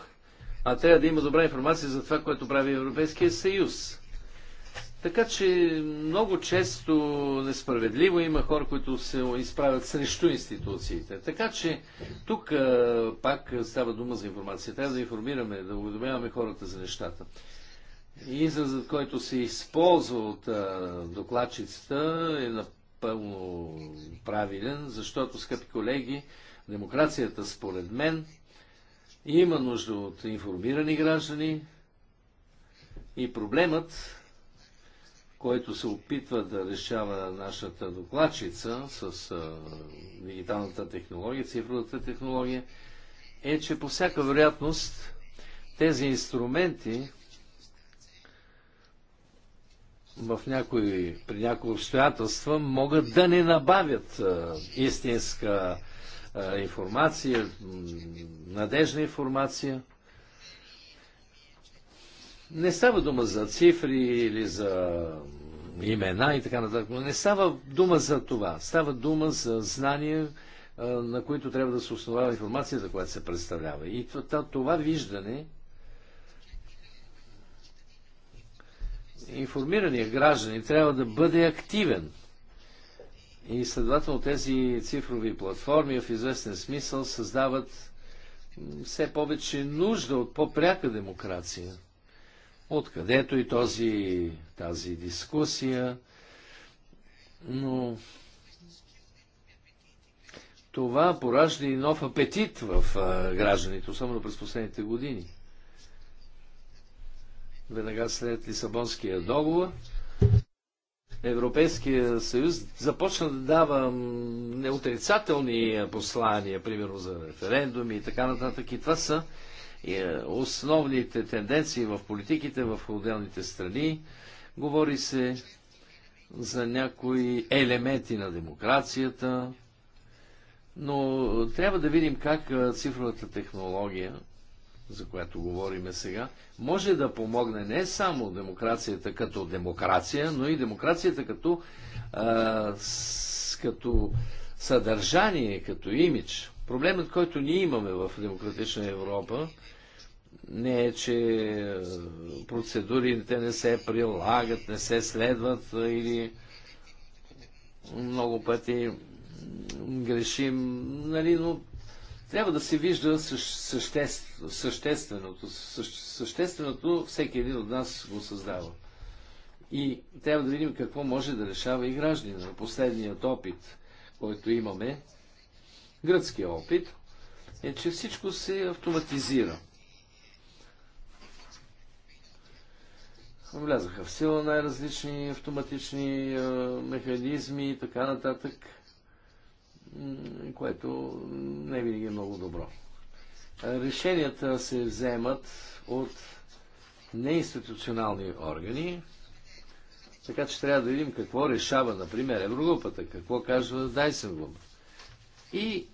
C: а трябва да има добра информация за това, което прави Европейския съюз. Така че много често несправедливо има хора, които се изправят срещу институциите. Така че тук пак става дума за информация. Трябва да информираме, да уведомяваме хората за нещата. Изразът, който се използва от докладчицата е напълно правилен, защото, скъпи колеги, Демокрацията, според мен, има нужда от информирани граждани и проблемът, който се опитва да решава нашата докладчица с а, дигиталната технология, цифровата технология, е, че по всяка вероятност тези инструменти в някои, при някои обстоятелства могат да не набавят а, истинска информация, надежна информация. Не става дума за цифри или за имена и така нататък. Но не става дума за това. Става дума за знания, на които трябва да се основава информацията, която се представлява. И това, това виждане, информираният граждани трябва да бъде активен – и следователно тези цифрови платформи в известен смисъл създават все повече нужда от по-пряка демокрация. Откъдето и този, тази дискусия. Но това поражда и нов апетит в гражданите, особено през последните години. Веднага след Лисабонския договор Европейския съюз започна да дава неотрицателни послания, примерно за референдуми и така нататък. И това са е, основните тенденции в политиките в отделните страни. Говори се за някои елементи на демокрацията, но трябва да видим как е, цифровата технология за която говориме сега, може да помогне не само демокрацията като демокрация, но и демокрацията като, а, с, като съдържание, като имидж. Проблемът, който ние имаме в демократична Европа, не е, че процедурите не се прилагат, не се следват или много пъти грешим, нали, но трябва да се вижда съществ, същественото. същественото всеки един от нас го създава. И трябва да видим какво може да решава и гражданина. Последният опит, който имаме, гръцкият опит, е, че всичко се автоматизира. Влязаха в сила най-различни автоматични механизми и така нататък което не винаги е много добро. Решенията се вземат от неинституционални органи, така че трябва да видим какво решава, например, Еврогрупата, какво казва Дайсенгум. И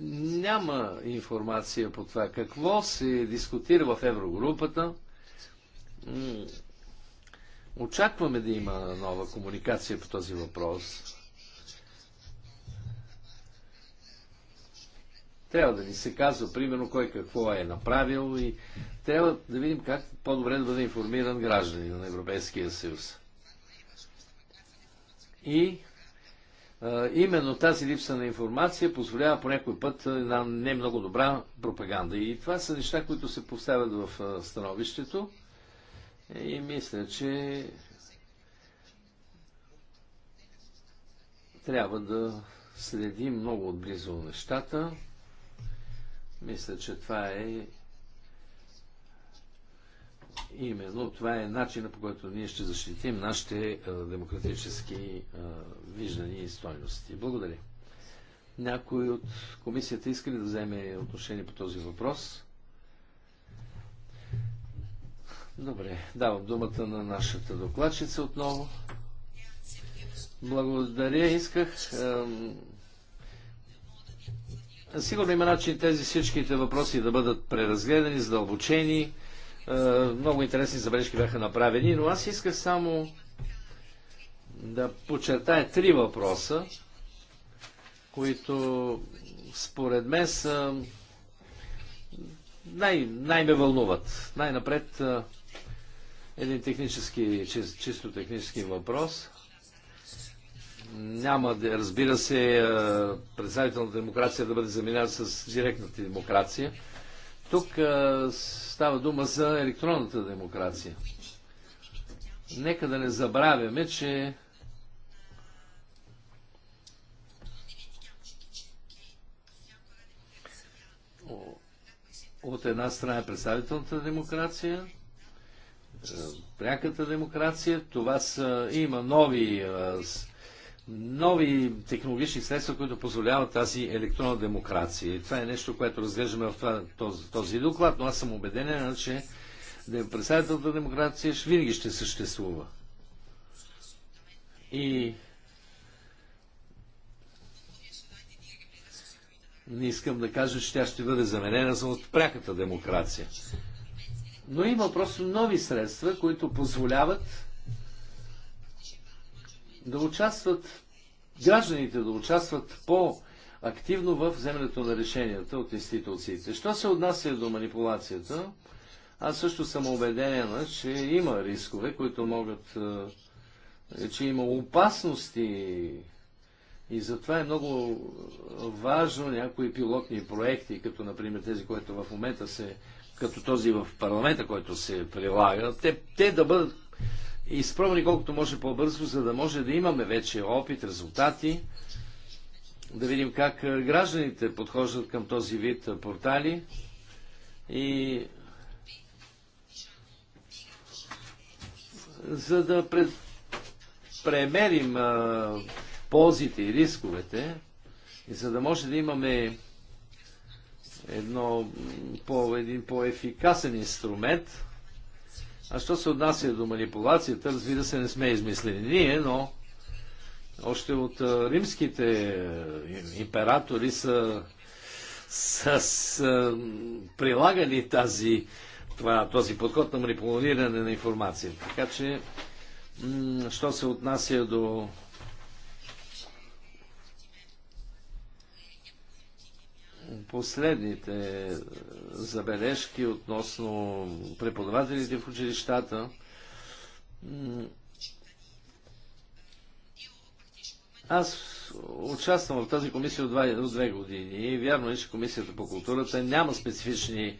C: няма информация по това какво се дискутира в Еврогрупата. Очакваме да има нова комуникация по този въпрос. Трябва да ни се казва, примерно, кой какво е направил и трябва да видим как по-добре да бъде информиран гражданин на Европейския съюз. И а, именно тази липса на информация позволява по някой път една не много добра пропаганда. И това са неща, които се поставят в а, становището. И мисля, че трябва да следим много отблизо нещата. Мисля, че това е именно това е начина по който ние ще защитим нашите демократически виждания и стойности. Благодаря. Някой от комисията иска ли да вземе отношение по този въпрос? Добре, давам думата на нашата докладчица отново. Благодаря. Исках Сигурно има начин тези всичките въпроси да бъдат преразгледани, задълбочени. Е, много интересни забележки бяха направени, но аз исках само да подчертая три въпроса, които според мен са най, най ме вълнуват. Най-напред е, един технически, чисто технически въпрос – няма, да, разбира се, е, представителната демокрация да бъде заменена с директната демокрация. Тук е, става дума за електронната демокрация. Нека да не забравяме, че от една страна е представителната демокрация, е, пряката демокрация, това са, има нови нови технологични средства, които позволяват тази електронна демокрация. това е нещо, което разглеждаме в това, този, този доклад, но аз съм убеден, че е представителната демокрация винаги ще съществува. И не искам да кажа, че тя ще бъде заменена за от пряката демокрация. Но има просто нови средства, които позволяват да участват, гражданите да участват по-активно в вземането на решенията от институциите. Що се отнася до манипулацията, аз също съм убедена, че има рискове, които могат, е, че има опасности и затова е много важно някои пилотни проекти, като например тези, които в момента се, като този в парламента, който се прилага, те, те да бъдат изпробвани колкото може по-бързо, за да може да имаме вече опит, резултати, да видим как е, гражданите подхождат към този вид е, портали и за да пред... премерим а, е, ползите и рисковете и за да може да имаме едно, по, един по-ефикасен инструмент, а що се отнася до манипулацията, разбира се, не сме измислили ние, но още от римските е, императори са, са, са прилагали тази, това, този подход на манипулиране на информация. Така че, що се отнася до последните е, забележки относно преподавателите в училищата. Аз участвам в тази комисия от две, от две години и вярно е, че комисията по културата няма специфични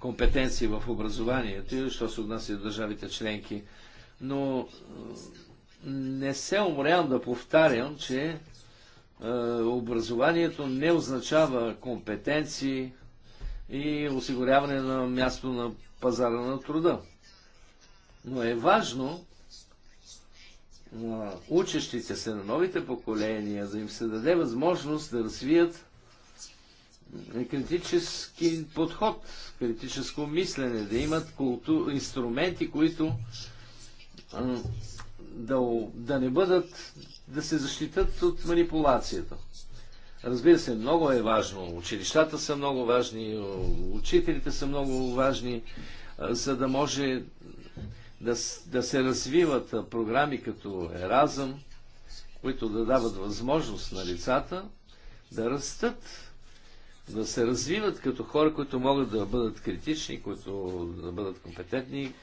C: компетенции в образованието, що се отнася до държавите членки. Но не се уморявам да повтарям, че е, образованието не означава компетенции и осигуряване на място на пазара на труда. Но е важно е, учещите се, на новите поколения, да им се даде възможност да развият е, критически подход, критическо мислене, да имат култу... инструменти, които да, да не бъдат, да се защитат от манипулацията. Разбира се, много е важно. Училищата са много важни, учителите са много важни, за да може да, да се развиват програми като Еразъм, които да дават възможност на лицата да растат, да се развиват като хора, които могат да бъдат критични, които да бъдат компетентни,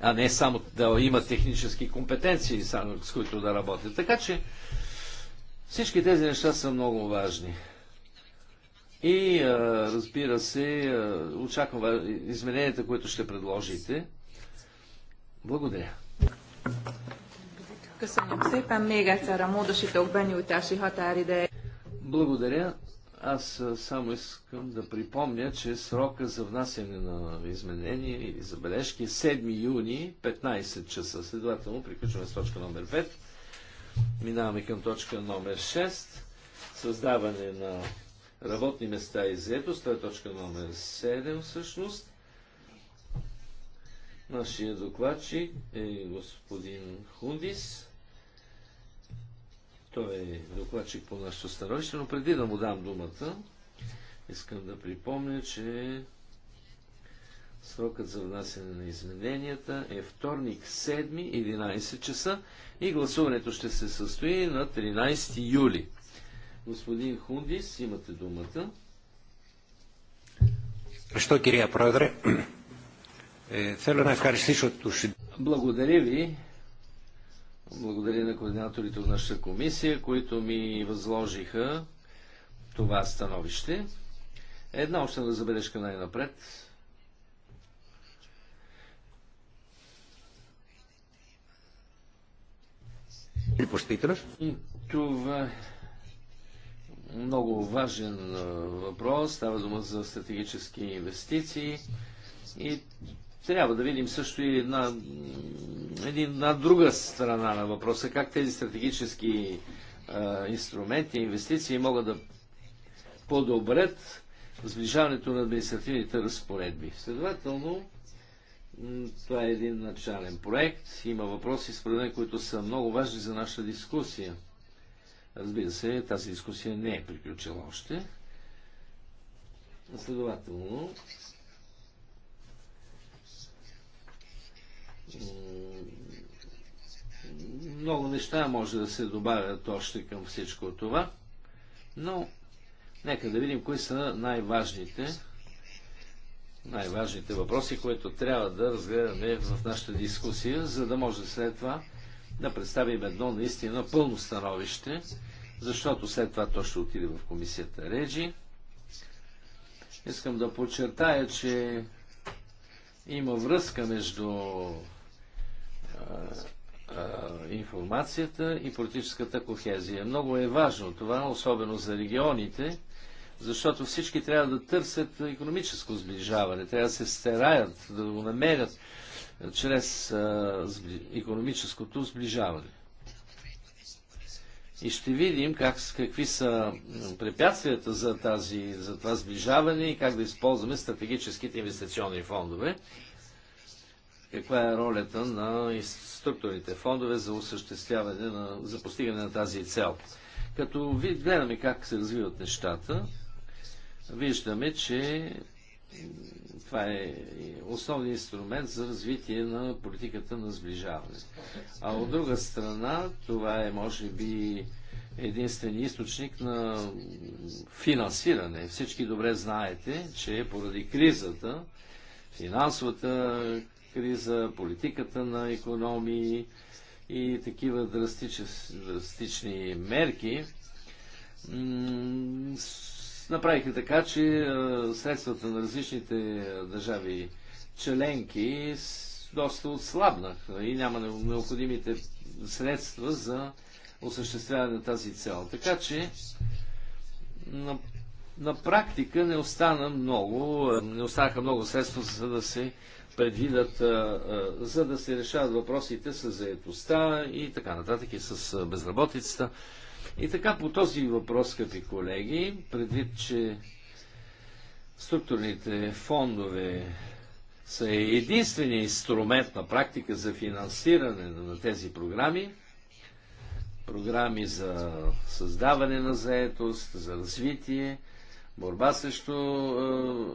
C: а не само да има технически компетенции, с които да работят. Така че всички тези неща са много важни. И разбира се, очаквам измененията, които ще предложите. Благодаря. Благодаря. Аз само искам да припомня, че срока за внасяне на изменения или забележки е 7 юни, 15 часа. Следователно, приключваме с точка номер 5. Минаваме към точка номер 6. Създаване на работни места и заетост. Това е точка номер 7 всъщност. Нашия докладчик е господин Хундис. Той е докладчик по нашето становище, но преди да му дам думата, искам да припомня, че срокът за внасяне на измененията е вторник 7-11 часа и гласуването ще се състои на 13 юли. Господин Хундис, имате думата. Що, кирия Проедре? Е, Благодаря ви, благодаря на координаторите от нашата комисия, които ми възложиха това становище. Една още на забележка най-напред. И това е много важен въпрос. Става дума за стратегически инвестиции. И трябва да видим също и една, една друга страна на въпроса, как тези стратегически а, инструменти, инвестиции могат да подобрят сближаването на административните разпоредби. Следователно, това е един начален проект. Има въпроси, според мен, които са много важни за нашата дискусия. Разбира се, тази дискусия не е приключила още. Следователно, много неща може да се добавят още към всичко това, но нека да видим кои са най-важните най-важните въпроси, които трябва да разгледаме в нашата дискусия, за да може след това да представим едно наистина пълно становище, защото след това то ще отиде в комисията Реджи. Искам да подчертая, че има връзка между информацията и политическата кохезия. Много е важно това, особено за регионите, защото всички трябва да търсят економическо сближаване, трябва да се стараят да го намерят чрез а, економическото сближаване. И ще видим как, какви са препятствията за, тази, за това сближаване и как да използваме стратегическите инвестиционни фондове каква е ролята на структурните фондове за осъществяване на, за постигане на тази цел. Като ви гледаме как се развиват нещата, виждаме, че това е основният инструмент за развитие на политиката на сближаване. А от друга страна, това е може би единствен източник на финансиране. Всички добре знаете, че поради кризата, финансовата криза, политиката на економии и такива драстични, мерки направиха така, че средствата на различните държави членки доста отслабнаха и няма необходимите средства за осъществяване на тази цел. Така че на, на практика не остана много, не останаха много средства, за да се предвидат, за да се решават въпросите с заедостта и така нататък и с безработицата. И така по този въпрос, скъпи колеги, предвид, че структурните фондове са единствения инструмент на практика за финансиране на тези програми, програми за създаване на заетост, за развитие, борба срещу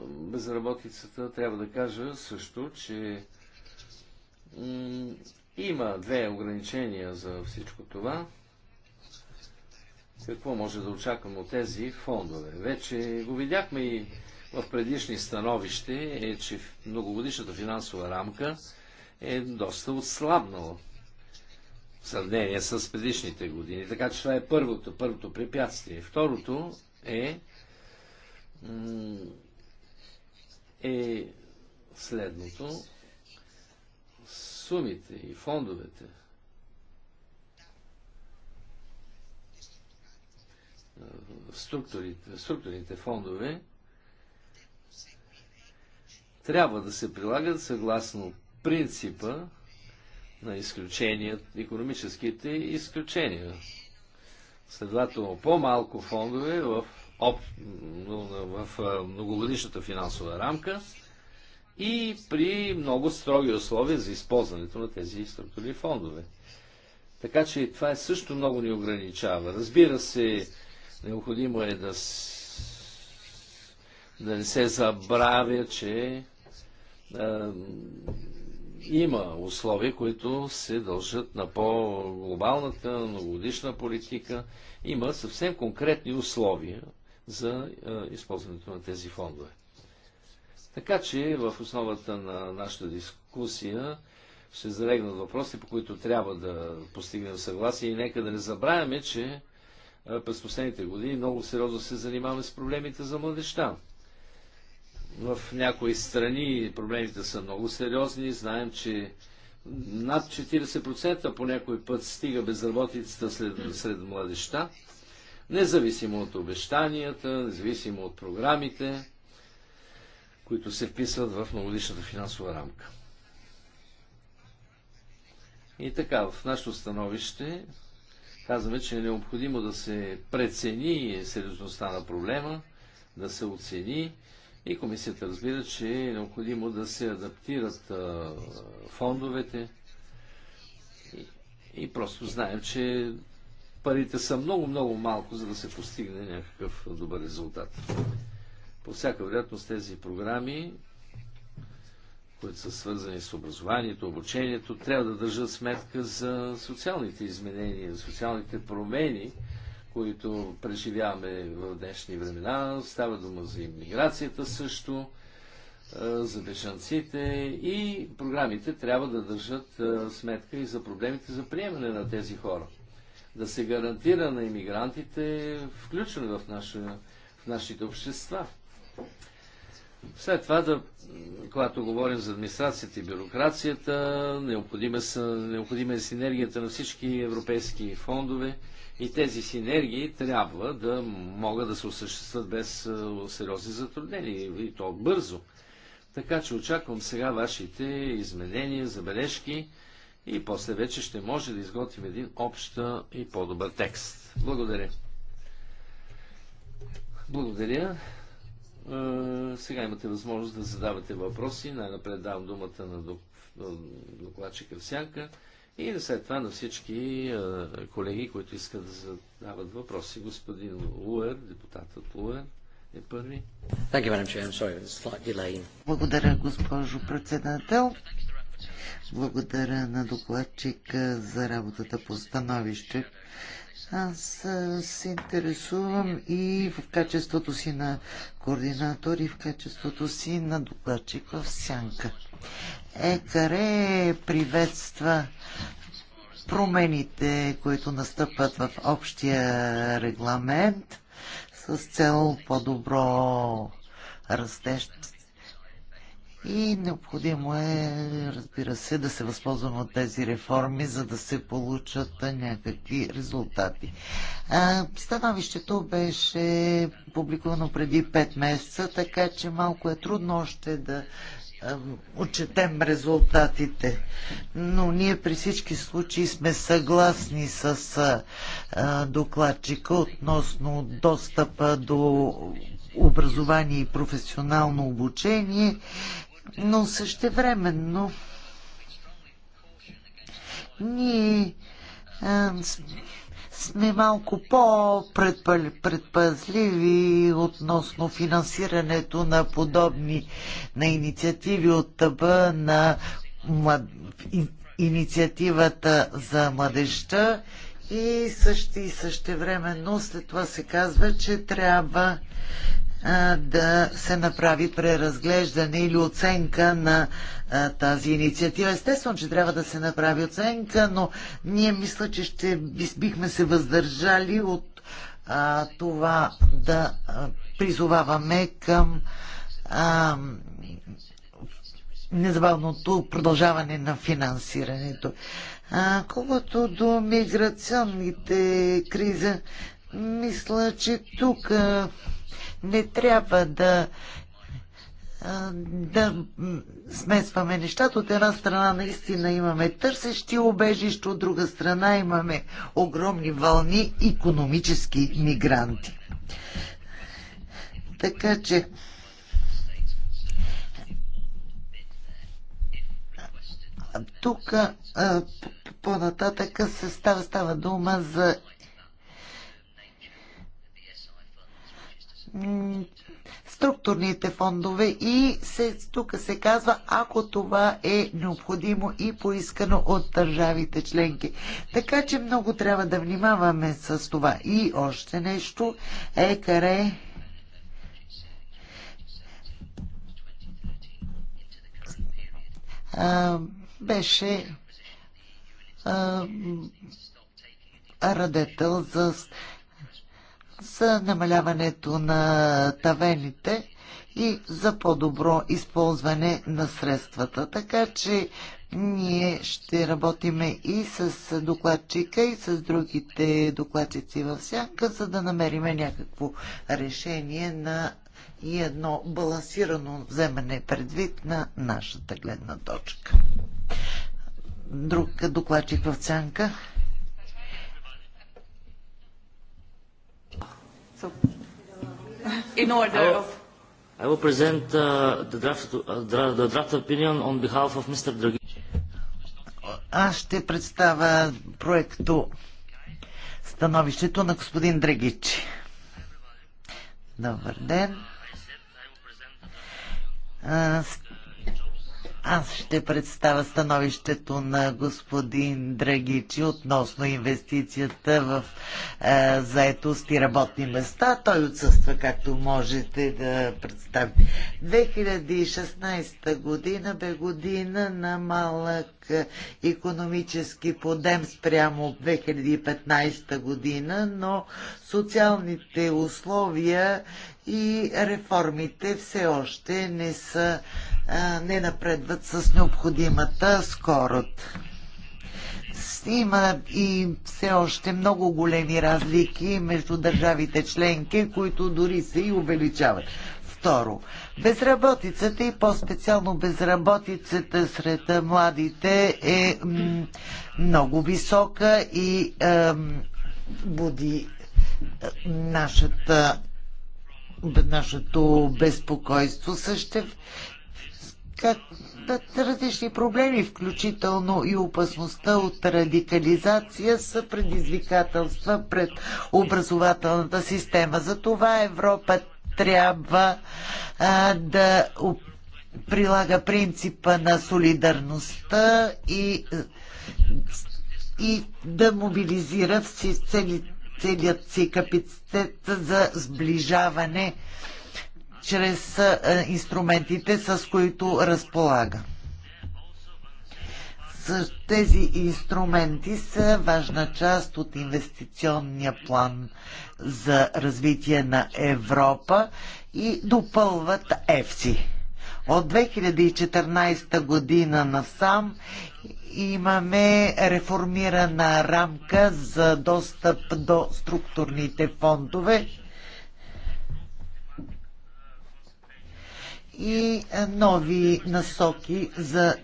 C: безработицата. Трябва да кажа също, че има две ограничения за всичко това. Какво може да очакваме от тези фондове? Вече го видяхме и в предишни становище, е, че многогодишната финансова рамка е доста отслабнала в сравнение с предишните години. Така че това е първото, първото препятствие. Второто е е следното. Сумите и фондовете е, структурите, структурните фондове трябва да се прилагат съгласно принципа на изключения, економическите изключения. Следователно, по-малко фондове в об, в многогодишната финансова рамка и при много строги условия за използването на тези структурни фондове. Така че това е също много ни ограничава. Разбира се, необходимо е да, да не се забравя, че а, има условия, които се дължат на по-глобалната, многогодишна политика. Има съвсем конкретни условия, за използването на тези фондове. Така че в основата на нашата дискусия ще залегнат въпроси, по които трябва да постигнем съгласие и нека да не забравяме, че през последните години много сериозно се занимаваме с проблемите за младеща. В някои страни проблемите са много сериозни. Знаем, че над 40% по някой път стига безработицата след, сред младеща независимо от обещанията, независимо от програмите, които се вписват в многодишната финансова рамка. И така, в нашето становище казваме, че е необходимо да се прецени сериозността на проблема, да се оцени и комисията разбира, че е необходимо да се адаптират фондовете и просто знаем, че парите са много-много малко, за да се постигне някакъв добър резултат. По всяка вероятност тези програми, които са свързани с образованието, обучението, трябва да държат сметка за социалните изменения, за социалните промени, които преживяваме в днешни времена. Става дума за иммиграцията също, за бешанците и програмите трябва да държат сметка и за проблемите за приемане на тези хора да се гарантира на иммигрантите включване в, наша, в нашите общества. След това, да, когато говорим за администрацията и бюрокрацията, необходима, са, необходима е синергията на всички европейски фондове и тези синергии трябва да могат да се осъществят без е, сериозни затруднения и то бързо. Така че очаквам сега вашите изменения, забележки и после вече ще може да изготвим един общ и по-добър текст. Благодаря. Благодаря. Е, сега имате възможност да задавате въпроси. Най-напред давам думата на докладчика в сянка и след това на всички е, колеги, които искат да задават въпроси. Господин Луер, депутатът Луер
B: е първи.
A: Благодаря, госпожо председател. Благодаря на докладчика за работата по становище. Аз се интересувам и в качеството си на координатор и в качеството си на докладчик в Сянка. Екаре приветства промените, които настъпват в общия регламент с цел по-добро растеж, и необходимо е, разбира се, да се възползваме от тези реформи, за да се получат някакви резултати. Становището беше публикувано преди 5 месеца, така че малко е трудно още да отчетем резултатите. Но ние при всички случаи сме съгласни с докладчика относно достъпа до образование и професионално обучение но същевременно ние сме малко по-предпазливи относно финансирането на подобни на инициативи от тъба на инициативата за младеща и също и същевременно след това се казва, че трябва да се направи преразглеждане или оценка на тази инициатива. Естествено, че трябва да се направи оценка, но ние мисля, че ще бихме се въздържали от а, това да призоваваме към а, незабавното продължаване на финансирането. А, колкото до миграционните криза, мисля, че тук а, не трябва да да смесваме нещата. От една страна наистина имаме търсещи обежище, от друга страна имаме огромни вълни економически мигранти. Така че тук по-нататък става, става дума за структурните фондове и се, тук се казва, ако това е необходимо и поискано от държавите членки. Така че много трябва да внимаваме с това. И още нещо, ЕКАРЕ каре беше а, радетел за за намаляването на тавените и за по-добро използване на средствата. Така че ние ще работиме и с докладчика, и с другите докладчици в сянка, за да намерим някакво решение на и едно балансирано вземане предвид на нашата гледна точка. Друг докладчик в сянка. So, in order of... I will present uh, the, draft, uh, the draft opinion on behalf of Mr. Dragic. Аз ще представя проекто становището на господин Драгичи. Добър ден. Аз аз ще представя становището на господин Драгичи относно инвестицията в е, заетост и работни места. Той отсъства, както можете да представи. 2016 година бе година на малък економически подем спрямо 2015 година, но социалните условия и реформите все още не, са, не напредват с необходимата скорост. Има и все още много големи разлики между държавите членки, които дори се и увеличават. Второ, безработицата и по-специално безработицата сред младите е много висока и буди нашата нашето безпокойство. Също как различни проблеми, включително и опасността от радикализация, са предизвикателства пред образователната система. Затова Европа трябва а, да прилага принципа на солидарността и, и да мобилизира всички целият си капацитет за сближаване чрез инструментите, с които разполага. Тези инструменти са важна част от инвестиционния план за развитие на Европа и допълват ЕФСИ. От 2014 година насам имаме реформирана рамка за достъп до структурните фондове и нови насоки за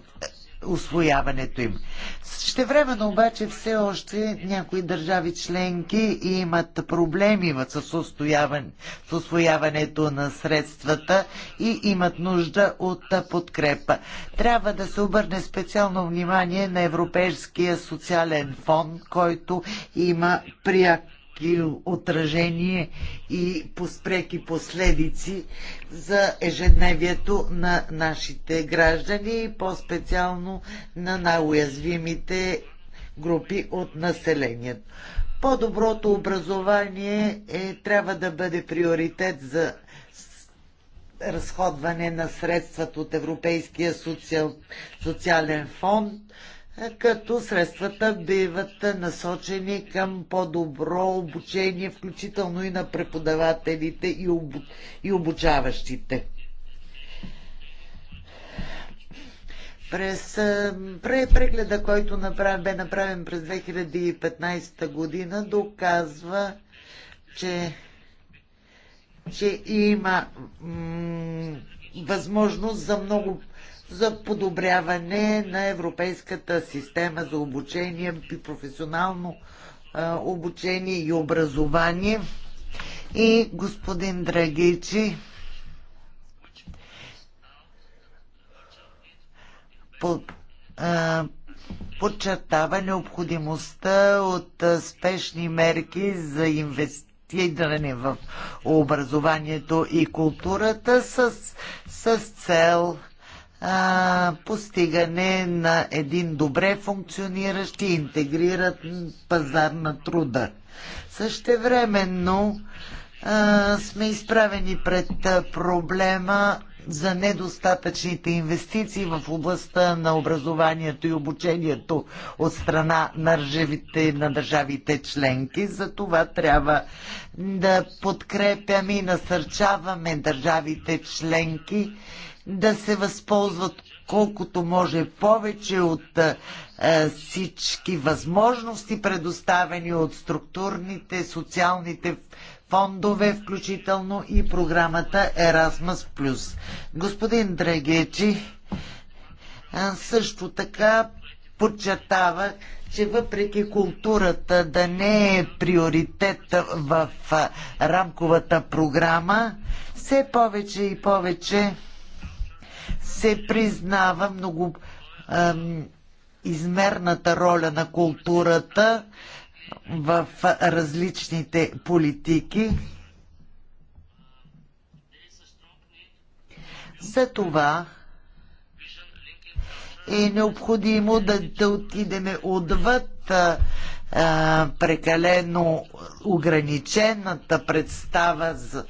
A: освояването им. Същевременно обаче все още някои държави членки имат проблеми с, устояване, с освояването на средствата и имат нужда от подкрепа. Трябва да се обърне специално внимание на Европейския социален фонд, който има пряк отражение и поспреки последици за ежедневието на нашите граждани и по-специално на най-уязвимите групи от населението. По-доброто образование е, трябва да бъде приоритет за разходване на средствата от Европейския социал, социален фонд, като средствата биват насочени към по-добро обучение, включително и на преподавателите и, об... и обучаващите. През прегледа, който направ, бе направен през 2015 година, доказва, че, че има възможност за много за подобряване на европейската система за обучение и професионално обучение и образование. И господин Драгичи, подчертава необходимостта от спешни мерки за инвестиране в образованието и културата с, с цел а, постигане на един добре функциониращ и интегрират пазар на труда. Същевременно а, сме изправени пред проблема за недостатъчните инвестиции в областта на образованието и обучението от страна на, ржавите, на държавите членки. За това трябва да подкрепяме и насърчаваме държавите членки да се възползват колкото може повече от а, е, е, всички възможности, предоставени от структурните, социалните фондове, включително и програмата Erasmus+. Господин Драгечи също така подчертава, че въпреки културата да не е приоритет в рамковата програма, все повече и повече се признава много ем, измерната роля на културата в различните политики. За това е необходимо да, да отидеме отвъд а, прекалено ограничената представа за,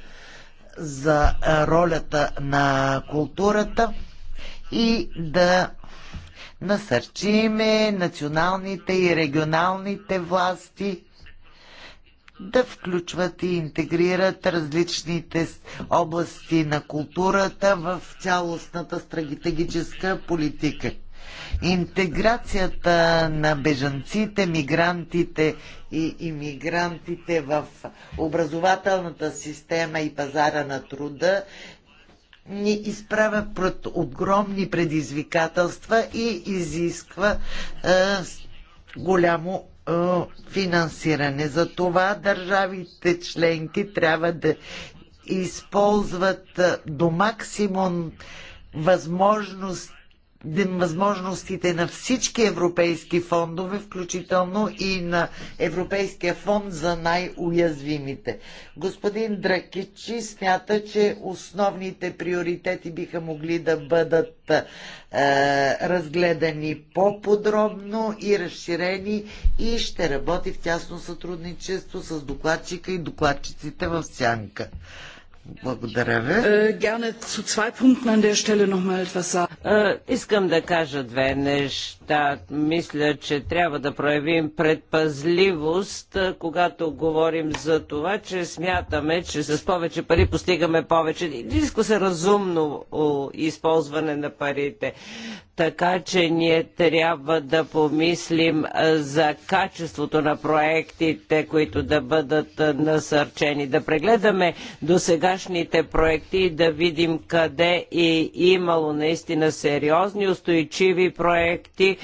A: за ролята на културата и да насърчиме националните и регионалните власти да включват и интегрират различните области на културата в цялостната стратегическа политика. Интеграцията на бежанците, мигрантите и иммигрантите в образователната система и пазара на труда ни изправя пред огромни предизвикателства и изисква е, голямо е, финансиране. За това държавите членки трябва да използват е, до максимум възможност възможностите на всички европейски фондове, включително и на Европейския фонд за най-уязвимите. Господин Дракичи смята, че основните приоритети биха могли да бъдат е, разгледани по-подробно и разширени и ще работи в тясно сътрудничество с докладчика и докладчиците в Сянка. Благодаря ви.
B: Искам да кажа две неща да, Мисля, че трябва да проявим предпазливост, когато говорим за това, че смятаме, че с повече пари постигаме повече. Диско се разумно използване на парите. Така че ние трябва да помислим за качеството на проектите, които да бъдат насърчени. Да прегледаме досегашните проекти и да видим къде е имало наистина сериозни устойчиви проекти,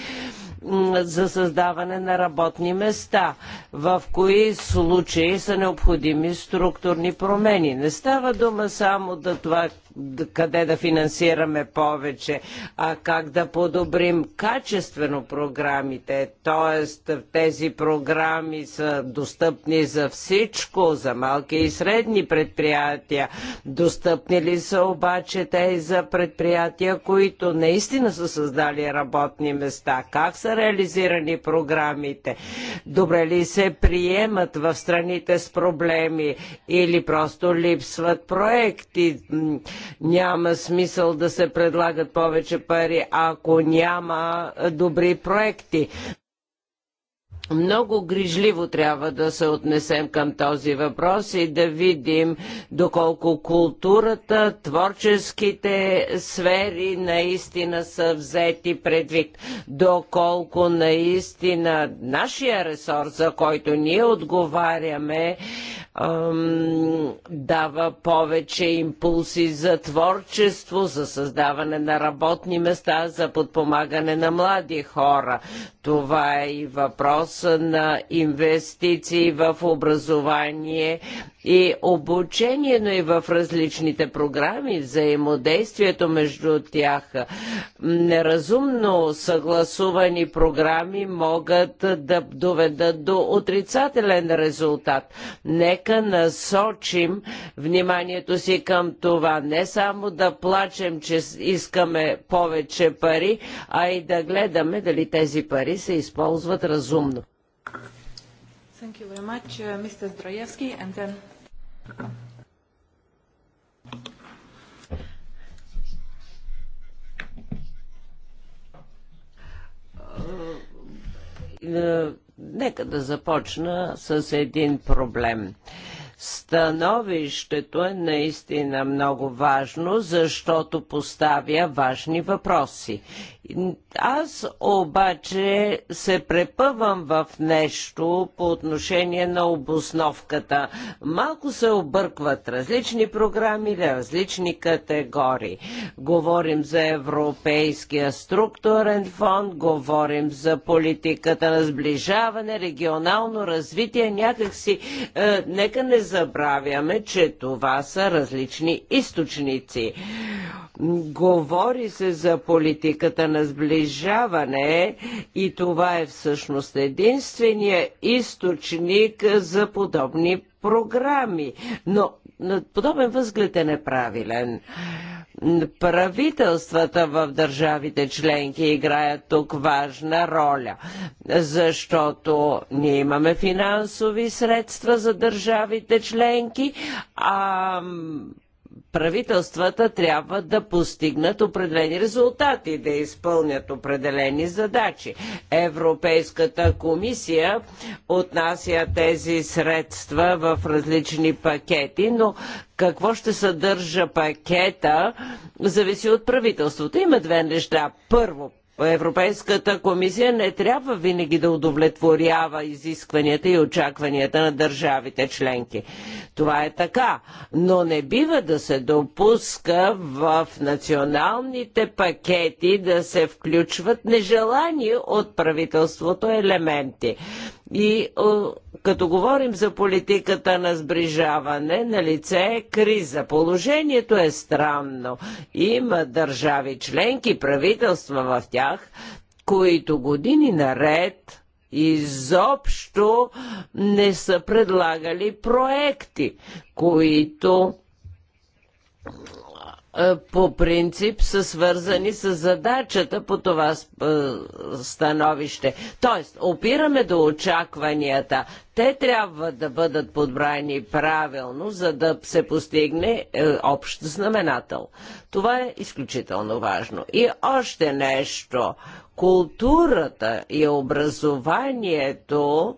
B: за създаване на работни места, в кои случаи са необходими структурни промени. Не става дума само да това къде да финансираме повече, а как да подобрим качествено програмите. т.е. тези програми са достъпни за всичко, за малки и средни предприятия. Достъпни ли са обаче те и за предприятия, които наистина са създали работни места? Как са реализирани програмите? Добре ли се приемат в страните с проблеми или просто липсват проекти? Няма смисъл да се предлагат повече пари, ако няма добри проекти. Много грижливо трябва да се отнесем към този въпрос и да видим доколко културата, творческите сфери наистина са взети предвид, доколко наистина нашия ресор, за който ние отговаряме, дава повече импулси за творчество, за създаване на работни места, за подпомагане на млади хора. Това е и въпрос на инвестиции в образование и обучение, но и в различните програми, взаимодействието между тях. Неразумно съгласувани програми могат да доведат до отрицателен резултат. Нека насочим вниманието си към това. Не само да плачем, че искаме повече пари, а и да гледаме дали тези пари се използват разумно. Thank you very much, Mr. Zdrojewski, and then... Нека да започна с един проблем. Uh, Становището е наистина много важно, защото поставя важни въпроси. Аз обаче се препъвам в нещо по отношение на обосновката. Малко се объркват различни програми или различни категории. Говорим за Европейския структурен фонд, говорим за политиката на сближаване, регионално развитие, някакси. Е, нека не забравяме, че това са различни източници. Говори се за политиката на сближаване и това е всъщност единствения източник за подобни програми. Но подобен възглед е неправилен. Правителствата в държавите членки играят тук важна роля, защото ние имаме финансови средства за държавите членки, а правителствата трябва да постигнат определени резултати, да изпълнят определени задачи. Европейската комисия отнася тези средства в различни пакети, но какво ще съдържа пакета, зависи от правителството. Има две неща. Първо, Европейската комисия не трябва винаги да удовлетворява изискванията и очакванията на държавите членки. Това е така, но не бива да се допуска в националните пакети да се включват нежелани от правителството елементи. И като говорим за политиката на сближаване, на лице е криза. Положението е странно. Има държави членки, правителства в тях, които години наред изобщо не са предлагали проекти, които е, по принцип са свързани с задачата по това е, становище. Тоест, опираме до очакванията. Те трябва да бъдат подбрани правилно, за да се постигне е, общ знаменател. Това е изключително важно. И още нещо. Културата и образованието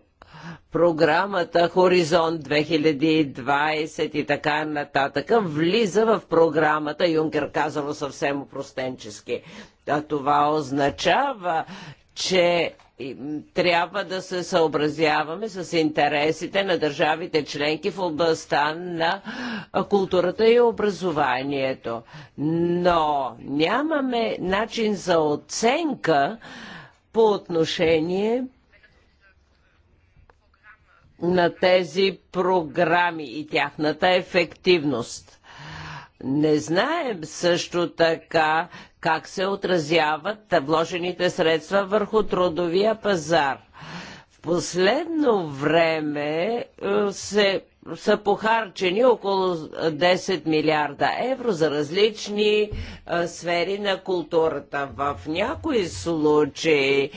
B: програмата Хоризонт 2020 и така нататък влиза в програмата, Юнкер казано съвсем упростенчески. А това означава, че трябва да се съобразяваме с интересите на държавите членки в областта на културата и образованието. Но нямаме начин за оценка по отношение на тези програми и тяхната ефективност. Не знаем също така как се отразяват вложените средства върху трудовия пазар. В последно време е, се са похарчени около 10 милиарда евро за различни а, е, сфери на културата. В някои случаи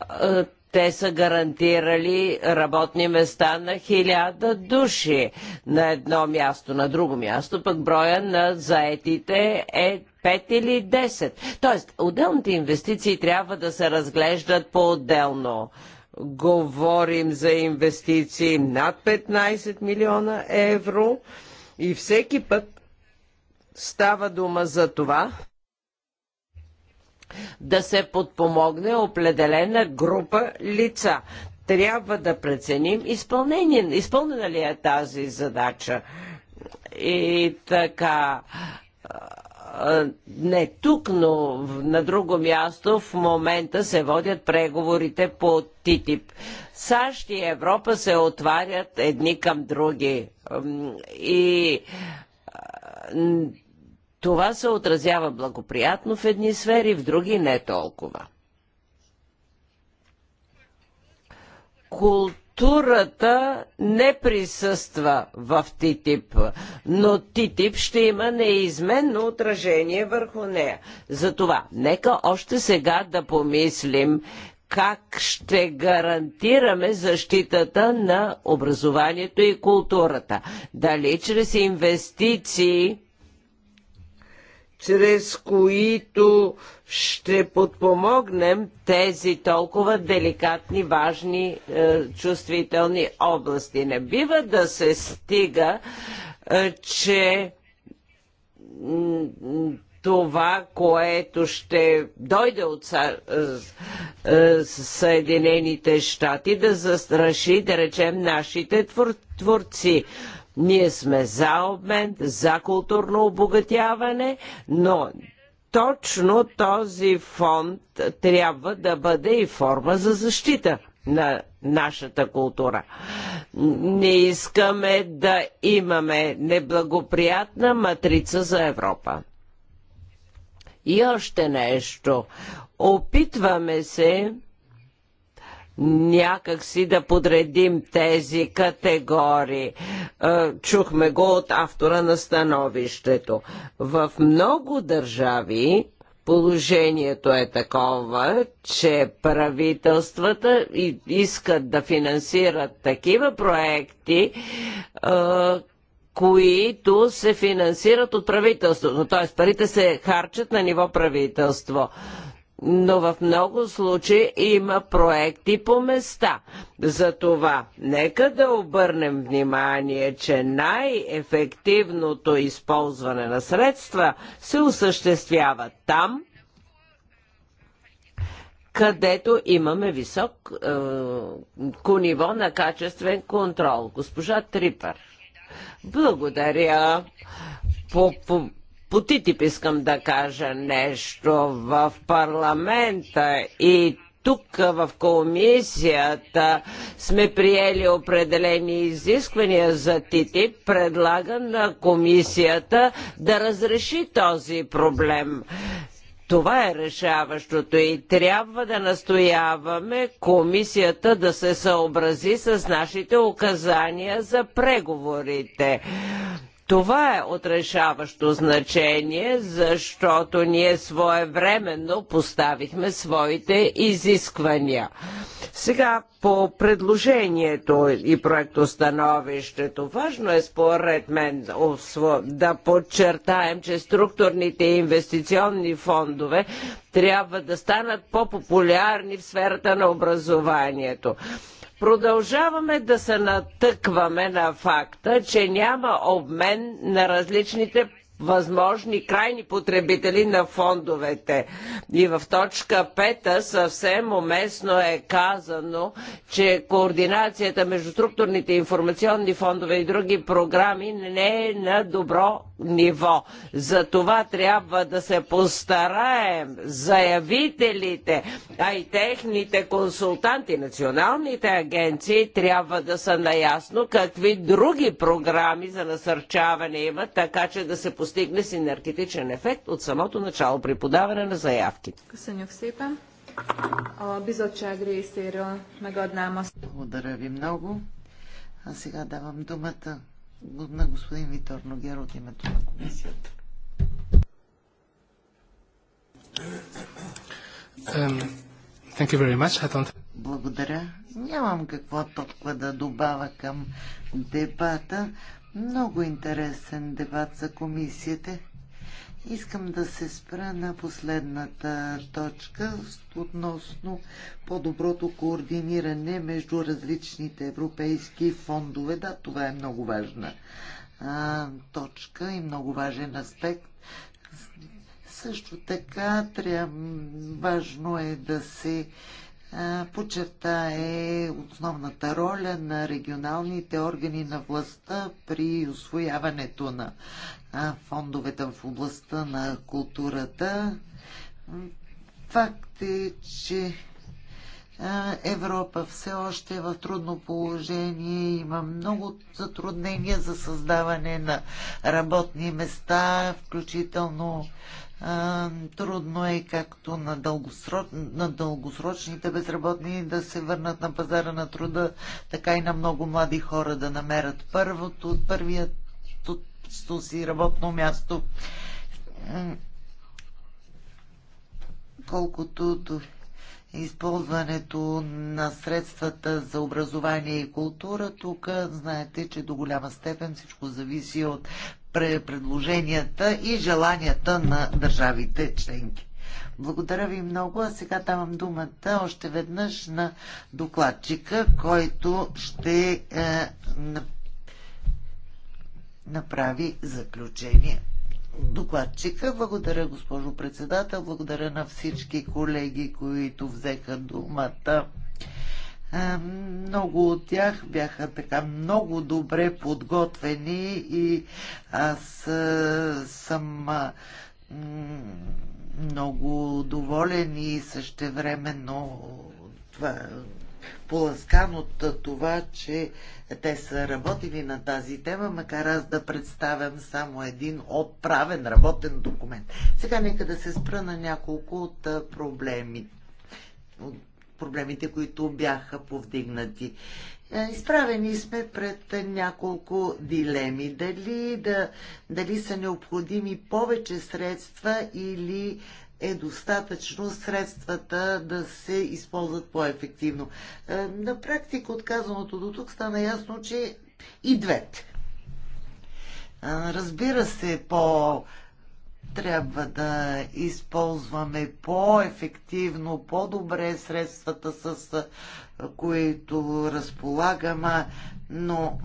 B: а, е, те са гарантирали работни места на хиляда души на едно място, на друго място, пък броя на заетите е 5 или 10. Тоест, отделните инвестиции трябва да се разглеждат по-отделно говорим за инвестиции над 15 милиона евро и всеки път става дума за това да се подпомогне определена група лица. Трябва да преценим изпълнение, изпълнена ли е тази задача. И така, не тук, но на друго място в момента се водят преговорите по ТИТИП. САЩ и Европа се отварят едни към други. И това се отразява благоприятно в едни сфери, в други не толкова. Културата не присъства в ТИТИП, но ТИТИП ще има неизменно отражение върху нея. Затова, нека още сега да помислим как ще гарантираме защитата на образованието и културата. Дали чрез инвестиции чрез които ще подпомогнем тези толкова деликатни, важни, е, чувствителни области. Не бива да се стига, е, че това, което ще дойде от е, Съединените щати да застраши, да речем, нашите твор творци. Ние сме за обмен, за културно обогатяване, но точно този фонд трябва да бъде и форма за защита на нашата култура. Не искаме да имаме неблагоприятна матрица за Европа. И още нещо. Опитваме се някак си да подредим тези категории. Е, чухме го от автора на становището. В много държави Положението е такова, че правителствата искат да финансират такива проекти, е, които се финансират от правителството. Т.е. парите се харчат на ниво правителство но в много случаи има проекти по места. Затова нека да обърнем внимание, че най-ефективното използване на средства се осъществява там, където имаме висок е, ниво на качествен контрол. Госпожа Трипър. Благодаря. По, по, по ТИТИП искам да кажа нещо в парламента и тук в комисията сме приели определени изисквания за Тити. Предлага на комисията да разреши този проблем. Това е решаващото и трябва да настояваме комисията да се съобрази с нашите указания за преговорите това е отрешаващо значение, защото ние своевременно поставихме своите изисквания. Сега по предложението и проектостановището важно е според мен да подчертаем, че структурните инвестиционни фондове трябва да станат по-популярни в сферата на образованието. Продължаваме да се натъкваме на факта, че няма обмен на различните възможни крайни потребители на фондовете. И в точка 5 съвсем уместно е казано, че координацията между структурните информационни фондове и други програми не е на добро ниво. За това трябва да се постараем заявителите, а и техните консултанти, националните агенции трябва да са наясно какви други програми за насърчаване имат, така че да се постараем постигне синергетичен ефект от самото начало при подаване на заявките.
A: Благодаря ви много. А сега давам думата на господин Витор Ногер от името на комисията.
C: Um,
A: Благодаря. Нямам какво толкова да добавя към дебата. Много интересен дебат за комисията. Искам да се спра на последната точка относно по-доброто координиране между различните европейски фондове. Да, това е много важна а, точка и много важен аспект. Също така трябва, важно е да се подчерта е основната роля на регионалните органи на властта при освояването на фондовете в областта на културата. Факт е, че Европа все още е в трудно положение, има много затруднения за създаване на работни места, включително Трудно е както на, дългосроч... на дългосрочните безработни да се върнат на пазара на труда, така и на много млади хора да намерят първото, първият си работно място. Колкото до използването на средствата за образование и култура. Тук знаете, че до голяма степен всичко зависи от предложенията и желанията на държавите членки. Благодаря ви много, а сега давам думата още веднъж на докладчика, който ще е, на, направи заключение. Докладчика, благодаря госпожо председател, благодаря на всички колеги, които взеха думата. Много от тях бяха така много добре подготвени и аз съм много доволен и същевременно това, поласкан от това, че те са работили на тази тема, макар аз да представям само един отправен работен документ. Сега нека да се спра на няколко от проблеми, от проблемите, които бяха повдигнати. Е, изправени сме пред няколко дилеми. Дали, да, дали са необходими повече средства или е достатъчно средствата да се използват по-ефективно. Е, на практика отказаното до тук стана ясно, че и двете. Е, разбира се, по трябва да използваме по-ефективно, по-добре средствата, с които разполагаме, но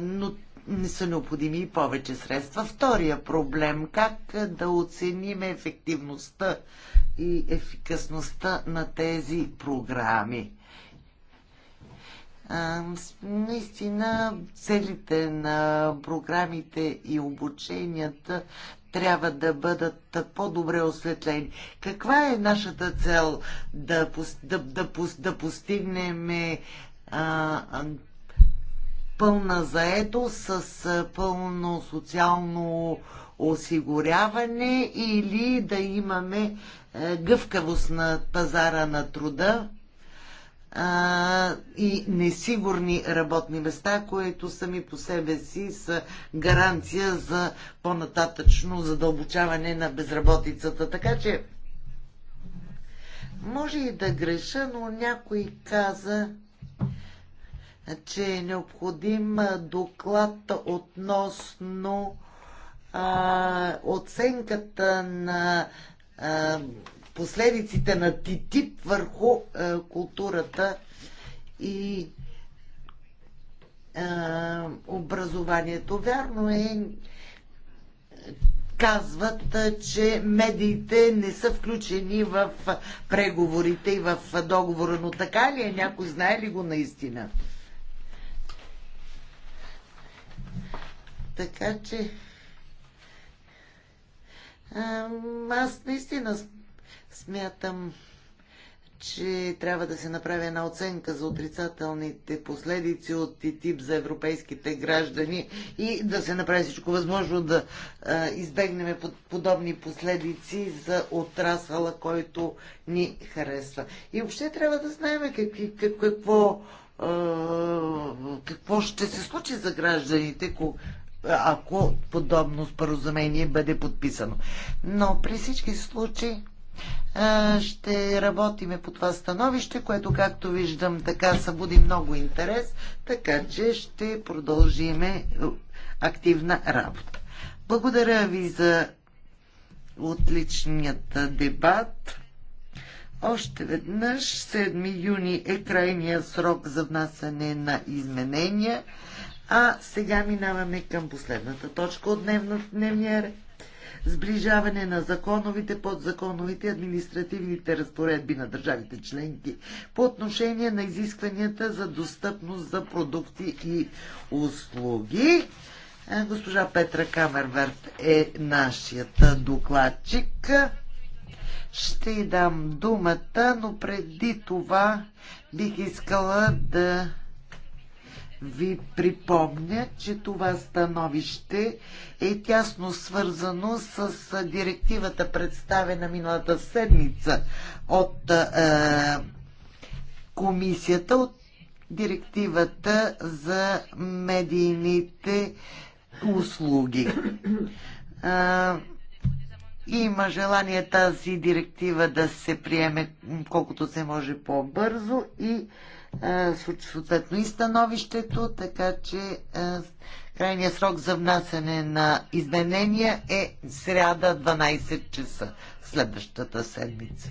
A: но не са необходими и повече средства. Втория проблем – как да оценим ефективността и ефикасността на тези програми – наистина целите на програмите и обученията трябва да бъдат по-добре осветлени. Каква е нашата цел да, да, да, да постигнем а, пълна заето с пълно социално осигуряване или да имаме гъвкавост на пазара на труда? а, и несигурни работни места, които сами по себе си са гаранция за по-нататъчно задълбочаване на безработицата. Така че, може и да греша, но някой каза, че е необходим доклад относно а, оценката на а, последиците на ТИТИП върху е, културата и е, образованието. Вярно е, казват, е, че медиите не са включени в преговорите и в договора, но така ли е? Някой знае ли го наистина? Така че... Аз наистина Смятам, че трябва да се направи една оценка за отрицателните последици от ТИТИП за европейските граждани и да се направи всичко възможно да а, избегнем подобни последици за отрасъла, който ни харесва. И въобще трябва да знаем какви, как, какво, а, какво ще се случи за гражданите, ако подобно споразумение бъде подписано. Но при всички случаи ще работиме по това становище, което, както виждам, така събуди много интерес, така че ще продължиме е, активна работа. Благодаря ви за отличният дебат. Още веднъж 7 юни е крайния срок за внасяне на изменения. А сега минаваме към последната точка от дневния ред сближаване на законовите, подзаконовите, административните разпоредби на държавите членки по отношение на изискванията за достъпност за продукти и услуги. Госпожа Петра Камерверт е нашият докладчик. Ще й дам думата, но преди това бих искала да ви припомня, че това становище е тясно свързано с директивата представена миналата седмица от е, комисията, от директивата за медийните услуги. Е, има желание тази директива да се приеме колкото се може по-бързо и е, съответно и становището, така че е, крайният срок за внасяне на изменения е сряда 12 часа следващата седмица.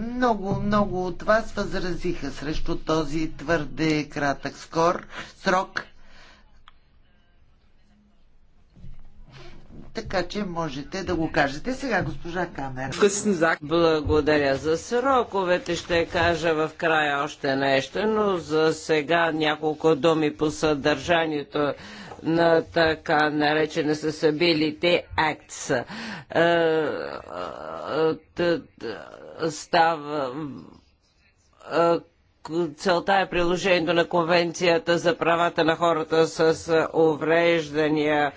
A: Много, много от вас възразиха срещу този твърде кратък скор, срок така че можете да го кажете сега, госпожа Камер.
B: Благодаря за сроковете. Ще кажа в края още нещо, но за сега няколко думи по съдържанието на така наречена са събилите акц. Е, е, е, става целта е приложението на Конвенцията за правата на хората с увреждания.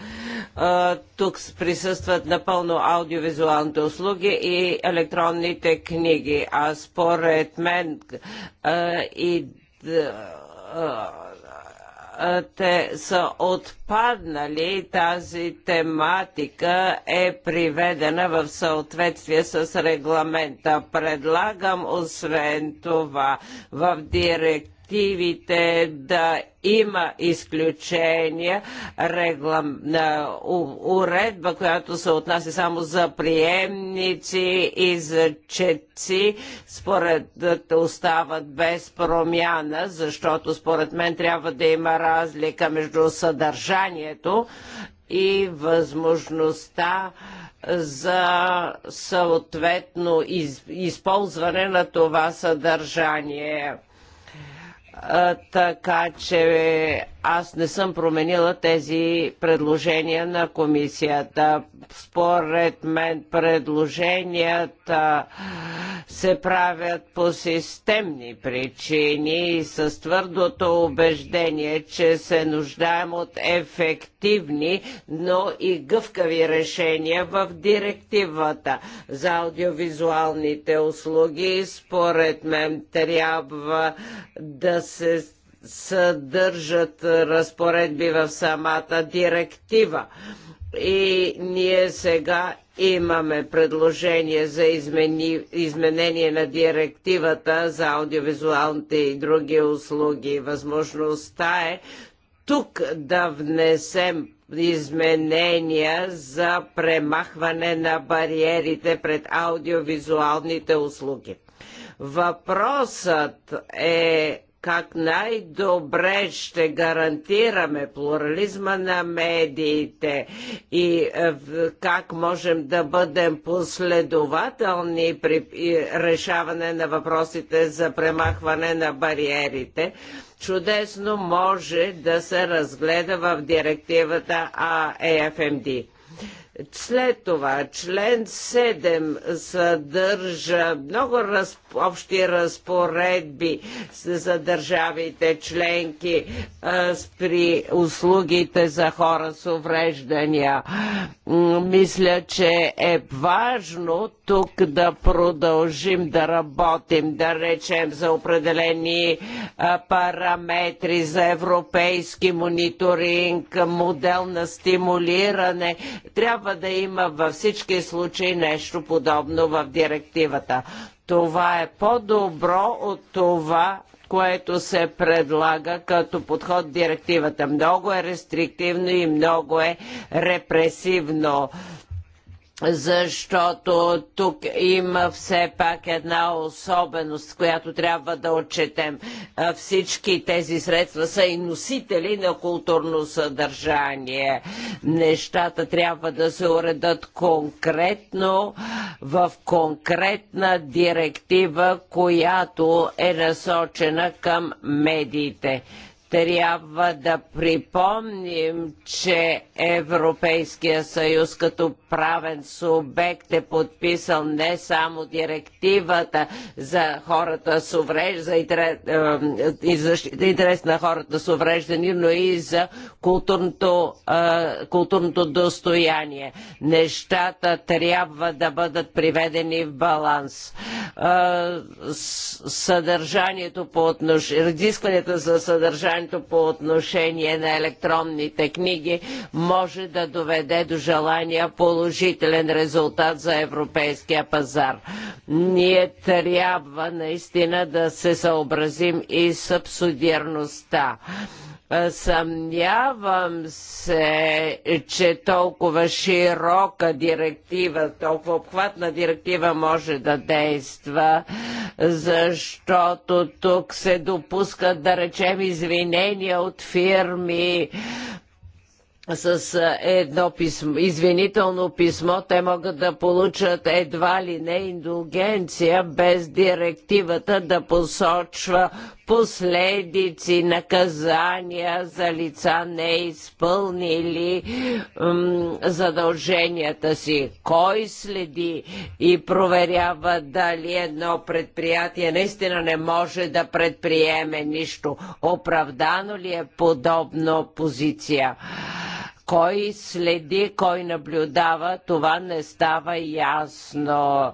B: Тук присъстват напълно аудиовизуалните услуги и електронните книги. А според мен и те са отпаднали. Тази тематика е приведена в съответствие с регламента. Предлагам освен това в директива директивите да има изключения, реглам, уредба, която се отнася само за приемници и за четци, според да остават без промяна, защото според мен трябва да има разлика между съдържанието и възможността за съответно из, използване на това съдържание така че аз не съм променила тези предложения на комисията. Според мен предложенията се правят по системни причини и с твърдото убеждение, че се нуждаем от ефективни, но и гъвкави решения в директивата за аудиовизуалните услуги. Според мен трябва да се се съдържат разпоредби в самата директива. И ние сега имаме предложение за измени, изменение на директивата за аудиовизуалните и други услуги. Възможността е тук да внесем изменения за премахване на бариерите пред аудиовизуалните услуги. Въпросът е как най-добре ще гарантираме плурализма на медиите и е, как можем да бъдем последователни при решаване на въпросите за премахване на бариерите чудесно може да се разгледа в директивата AFMD. След това член 7 съдържа много раз, общи разпоредби за държавите членки а, при услугите за хора с увреждания. Мисля, че е важно тук да продължим да работим, да речем за определени а, параметри, за европейски мониторинг, модел на стимулиране. Трябва трябва да има във всички случаи нещо подобно в директивата. Това е по-добро от това, което се предлага като подход директивата. Много е рестриктивно и много е репресивно защото тук има все пак една особеност, която трябва да отчетем. Всички тези средства са и носители на културно съдържание. Нещата трябва да се уредат конкретно в конкретна директива, която е насочена към медиите. Трябва да припомним, че Европейския съюз като правен субект е подписал не само директивата за хората с увреждане, е, за защита интерес на хората с увреждане, но и за културното, е, културното достояние. Нещата трябва да бъдат приведени в баланс. Е, съдържанието по отношение, разискванията за съдържание предложението по отношение на електронните книги може да доведе до желания положителен резултат за европейския пазар. Ние трябва наистина да се съобразим и субсидиарността. Съмнявам се, че толкова широка директива, толкова обхватна директива може да действа, защото тук се допускат, да речем, извинения от фирми, с едно писмо, извинително писмо, те могат да получат едва ли не индулгенция без директивата да посочва последици, наказания за лица не изпълнили задълженията си. Кой следи и проверява дали едно предприятие наистина не може да предприеме нищо? Оправдано ли е подобно позиция? кой следи, кой наблюдава, това не става ясно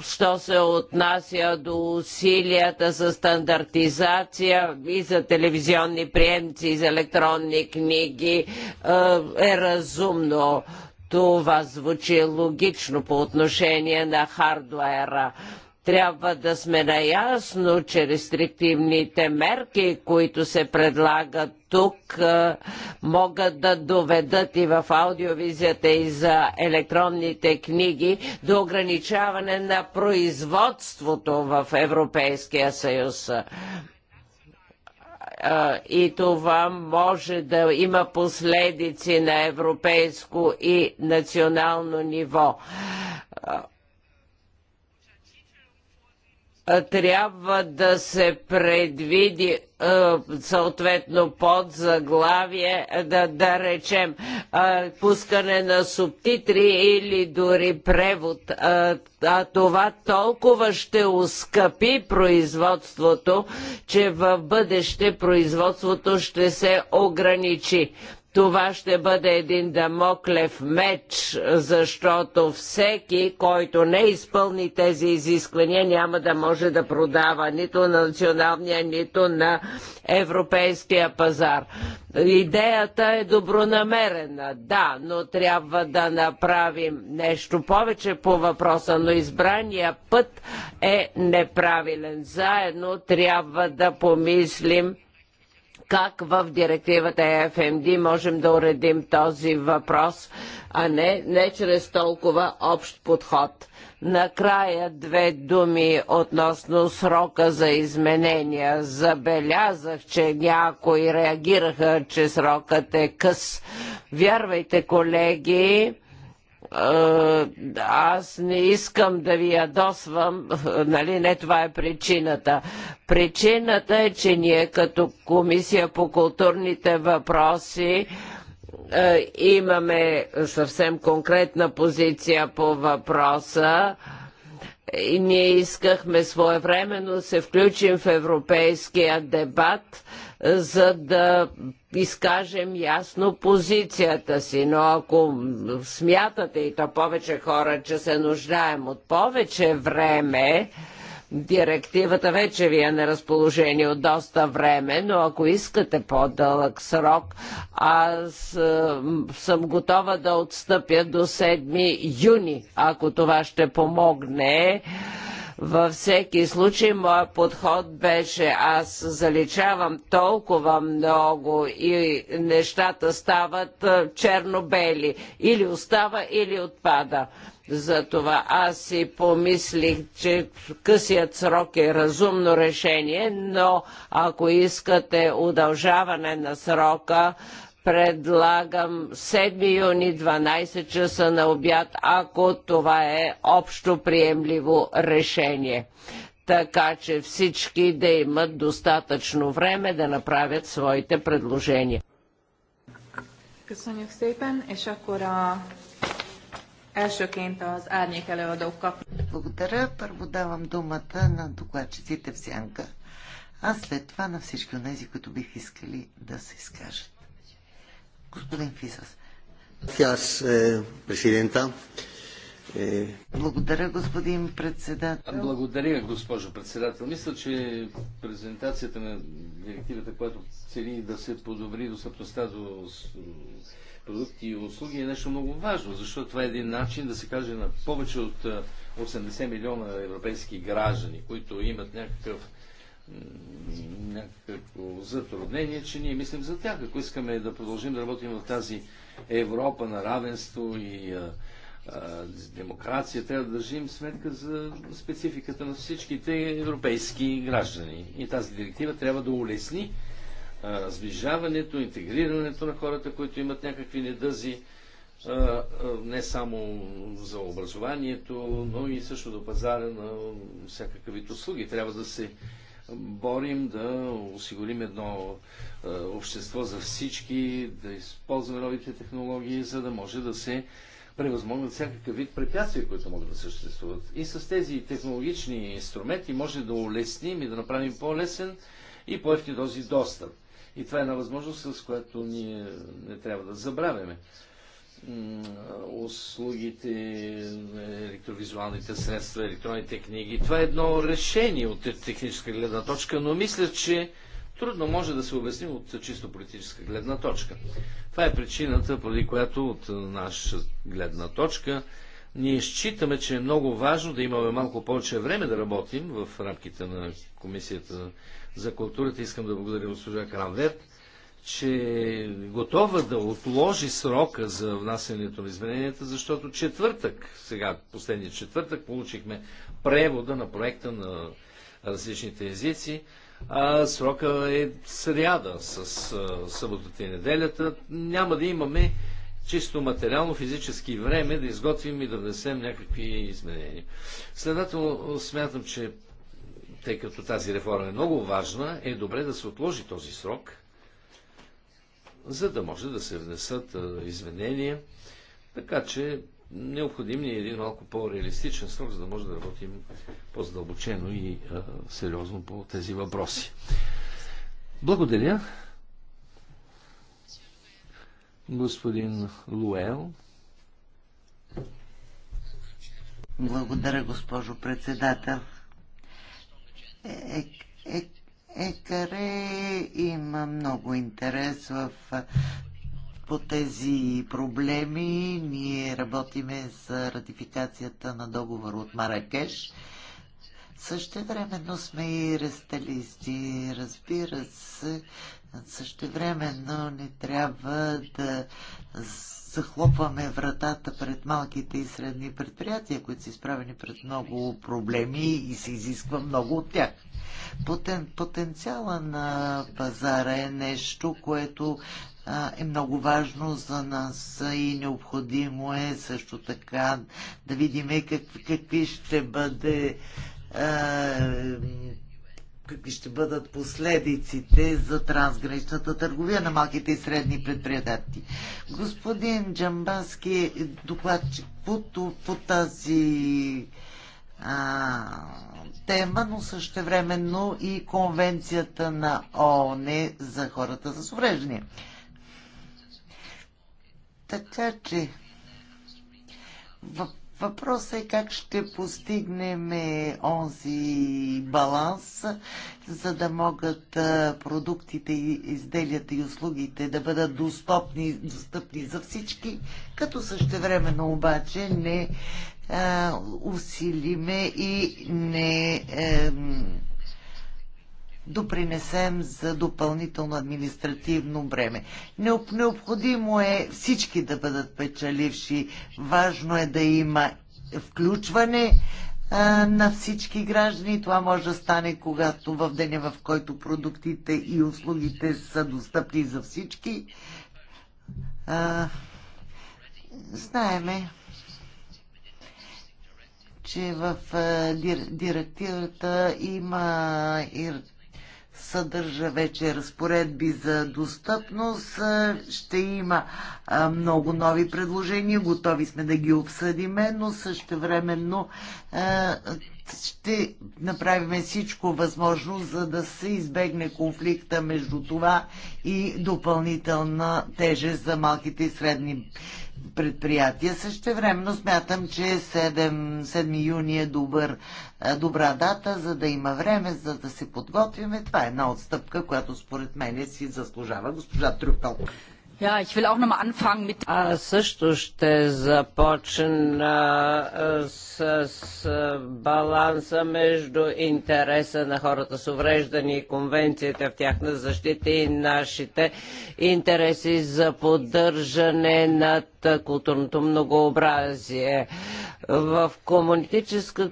B: що се отнася до усилията за стандартизация и за телевизионни приемци, и за електронни книги, е, е разумно. Това звучи логично по отношение на хардуера. Трябва да сме наясно, че рестриктивните мерки, които се предлагат тук, могат да доведат и в аудиовизията и за електронните книги до ограничаване на производството в Европейския съюз и това може да има последици на европейско и национално ниво трябва да се предвиди съответно под заглавие, да, да речем, пускане на субтитри или дори превод. а това толкова ще ускъпи производството, че в бъдеще производството ще се ограничи. Това ще бъде един дамоклев меч, защото всеки, който не изпълни тези изисквания, няма да може да продава нито на националния, нито на европейския пазар. Идеята е добронамерена, да, но трябва да направим нещо повече по въпроса, но избрания път е неправилен. Заедно трябва да помислим как в директивата FMD можем да уредим този въпрос, а не, не чрез толкова общ подход. Накрая две думи относно срока за изменения. Забелязах, че някои реагираха, че срокът е къс. Вярвайте, колеги, аз не искам да ви ядосвам, нали, не това е причината. Причината е, че ние като Комисия по културните въпроси е, имаме съвсем конкретна позиция по въпроса и ние искахме своевременно да се включим в европейския дебат за да изкажем ясно позицията си. Но ако смятате и то повече хора, че се нуждаем от повече време, Директивата вече ви е на разположение от доста време, но ако искате по-дълъг срок, аз е, съм готова да отстъпя до 7 юни, ако това ще помогне. Във всеки случай, моят подход беше аз заличавам толкова много и нещата стават черно-бели. Или остава, или отпада. Затова аз си помислих, че късият срок е разумно решение, но ако искате удължаване на срока, предлагам 7 юни 12 часа на обяд, ако това е общо приемливо решение. Така че всички да имат достатъчно време да направят своите предложения.
A: Köszönjük szépen, és akkor a Elsőként az árnyék előadók kap. Благодаря. Първо давам думата на докладчиците в сянка, а след това на всички от тези, които бих искали да се изкажат. Господин Фисас. президента. Eh, eh, Благодаря, господин председател. Благодаря,
C: госпожо председател. Мисля, че презентацията на директивата, която цели да се подобри достъпността до продукти и услуги е нещо много важно, защото това е един начин да се каже на повече от 80 милиона европейски граждани, които имат някакъв някакво затруднение, че ние мислим за тях. Ако искаме да продължим да работим в тази Европа на равенство и а, а, демокрация, трябва да държим сметка за спецификата на всичките европейски граждани. И тази директива трябва да улесни а, сближаването, интегрирането на хората, които имат някакви недъзи не само за образованието, но и също до пазара на всякакъв вид услуги. Трябва да се борим да осигурим едно е, общество за всички, да използваме новите технологии, за да може да се превъзмогнат всякакъв вид препятствия, които могат да съществуват. И с тези технологични инструменти може да улесним и да направим по-лесен и по-ефти този достъп. И това е една възможност, с която ние не трябва да забравяме услугите, електровизуалните средства, електронните книги. Това е едно решение от техническа гледна точка, но мисля, че трудно може да се обясним от чисто политическа гледна точка. Това е причината, поради която от наша гледна точка ние считаме, че е много важно да имаме малко повече време да работим в рамките на Комисията за културата. Искам да благодаря госпожа Кранверт че е готова да отложи срока за внасянето на измененията, защото четвъртък, сега последния четвъртък, получихме превода на проекта на различните езици. А, срока е сряда с а, съботата и неделята. Няма да имаме чисто материално, физически време да изготвим и да внесем някакви изменения. Следователно смятам, че тъй като тази реформа е много важна, е добре да се отложи този срок – за да може да се внесат извинения. така че необходим ни е един малко по-реалистичен срок, за да може да работим по-задълбочено и а, сериозно по тези въпроси. Благодаря. Господин Луел.
A: Благодаря, госпожо председател. Е, е, е Екаре има много интерес в, по тези проблеми. Ние работиме за ратификацията на договор от Маракеш. Същевременно сме и ресталисти, разбира се. Същевременно не трябва да захлопваме вратата пред малките и средни предприятия, които са изправени пред много проблеми и се изисква много от тях. Потен, потенциала на пазара е нещо, което а, е много важно за нас и необходимо е също така да видим как, какви ще бъде а, какви ще бъдат последиците за трансграничната търговия на малките и средни предприятия. Господин Джамбаски докладчик по, по тази а, тема, но същевременно и конвенцията на ООН за хората с увреждания. Така че в Въпросът е как ще постигнем онзи баланс, за да могат продуктите, изделията и услугите да бъдат достъпни, достъпни за всички, като същевременно обаче не а, усилиме и не а, допринесем за допълнително административно бреме. Необходимо е всички да бъдат печаливши. Важно е да има включване а, на всички граждани. Това може да стане когато в деня, в който продуктите и услугите са достъпни за всички. А, знаеме, че в директивата има и съдържа вече разпоредби за достъпност. Е, ще има е, много нови предложения, готови сме да ги обсъдиме, но същевременно е, ще направим всичко възможно, за да се избегне конфликта между това и допълнителна тежест за малките и средни предприятия. Същевременно смятам, че 7, 7 юни е добър, е, добра дата, за да има време, за да се подготвим. Това е една отстъпка, която според мен си заслужава госпожа Трюпел.
B: Ja, ich will auch nochmal anfangen mit... Аз също ще започна с, с баланса между интереса на хората с увреждани и конвенцията в тяхна защита и нашите интереси за поддържане на културното многообразие. В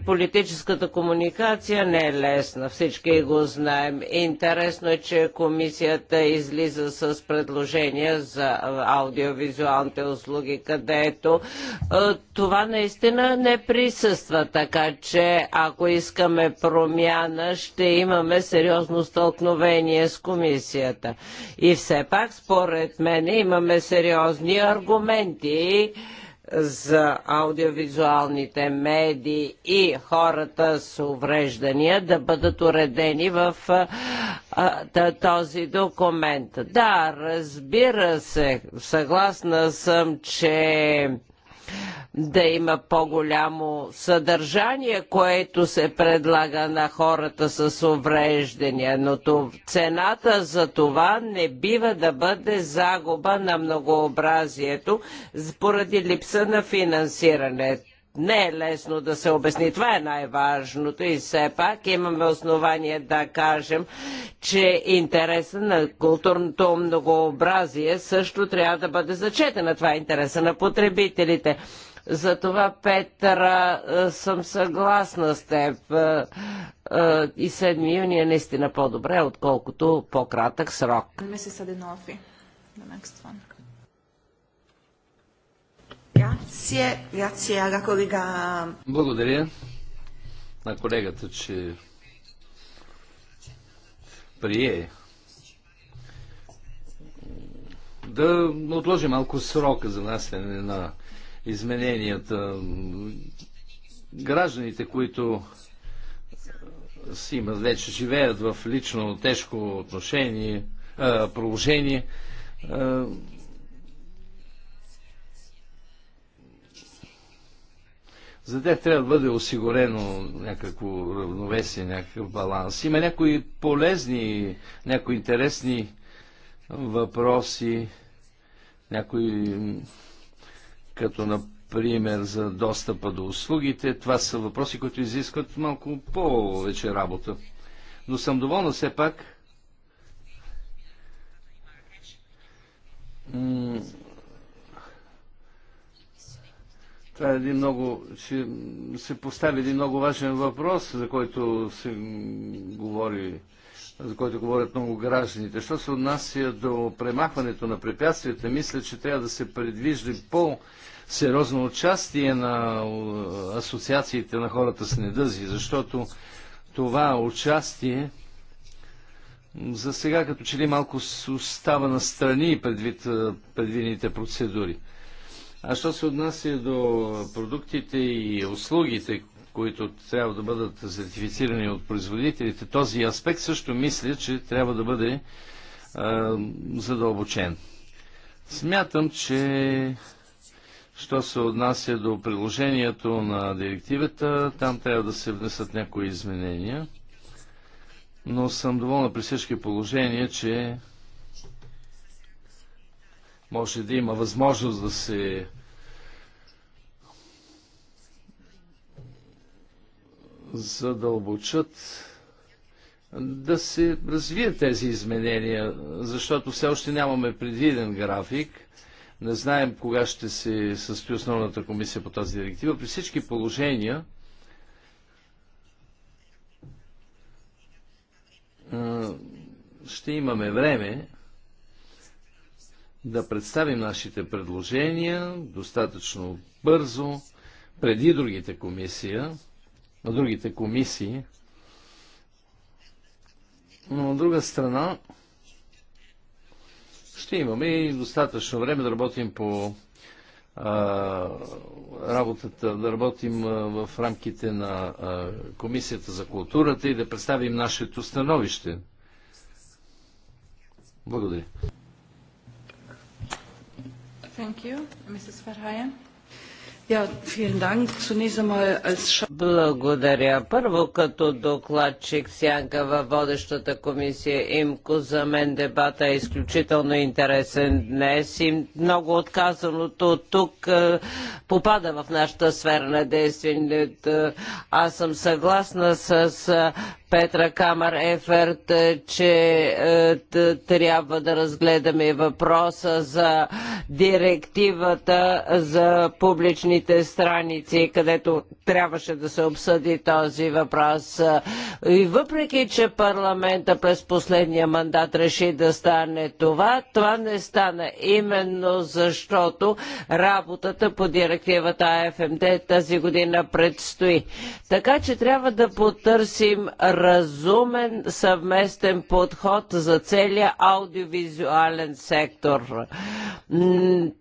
B: политическата комуникация не е лесна, всички го знаем. Интересно е, че комисията излиза с предложения за аудиовизуалните услуги, където това наистина не присъства. Така че ако искаме промяна, ще имаме сериозно стълкновение с комисията. И все пак, според мен, имаме сериозни аргументи за аудиовизуалните медии и хората с увреждания да бъдат уредени в този документ. Да, разбира се, съгласна съм, че да има по-голямо съдържание, което се предлага на хората с увреждания, но цената за това не бива да бъде загуба на многообразието поради липса на финансиране. Не е лесно да се обясни. Това е най-важното и все пак имаме основание да кажем, че интереса на културното многообразие също трябва да бъде зачетена. Това е интереса на потребителите. Затова, Петра, съм съгласна с теб. И 7 юни е наистина по-добре, отколкото по-кратък срок.
C: Благодаря на колегата, че прие да отложи малко срока за насене на измененията. Гражданите, които си имат вече живеят в лично тежко отношение, а, положение, за тях трябва да бъде осигурено някакво равновесие, някакъв баланс. Има някои полезни, някои интересни въпроси, някои като например за достъпа до услугите. Това са въпроси, които изискват малко повече работа. Но съм доволна все пак, това е един много, че се постави един много важен въпрос, за който се говори, за който говорят много гражданите. Що се отнася до премахването на препятствията, мисля, че трябва да се предвижда по сериозно участие на асоциациите на хората с недъзи, защото това участие за сега като че ли малко остава на страни предвид предвидените процедури. А що се отнася до продуктите и услугите, които трябва да бъдат сертифицирани от производителите, този аспект също мисля, че трябва да бъде а, задълбочен. Смятам, че Що се отнася до приложението на директивата, там трябва да се внесат някои изменения. Но съм доволна при всички положения, че може да има възможност да се задълбочат, да се развият тези изменения, защото все още нямаме предвиден график – не знаем кога ще се състои основната комисия по тази директива. При всички положения ще имаме време да представим нашите предложения достатъчно бързо, преди другите комисия, на другите комисии. Но от друга страна, ще имаме и достатъчно време да работим по а, работата, да работим а, в рамките на а, Комисията за културата и да представим нашето становище. Благодаря.
A: Thank you, Mrs. Farhayan.
B: Благодаря. Първо като докладчик сянка във водещата комисия ИМКО, за мен дебата е изключително интересен днес и много отказаното от тук е, попада в нашата сфера на действие. Е, аз съм съгласна с е, Петра Камар Еферт, е, че е, трябва да разгледаме въпроса за директивата за публичните страници, където трябваше да се обсъди този въпрос. И въпреки, че парламента през последния мандат реши да стане това, това не стана именно защото работата по директивата АФМД тази година предстои. Така че трябва да потърсим разумен съвместен подход за целия аудиовизуален сектор.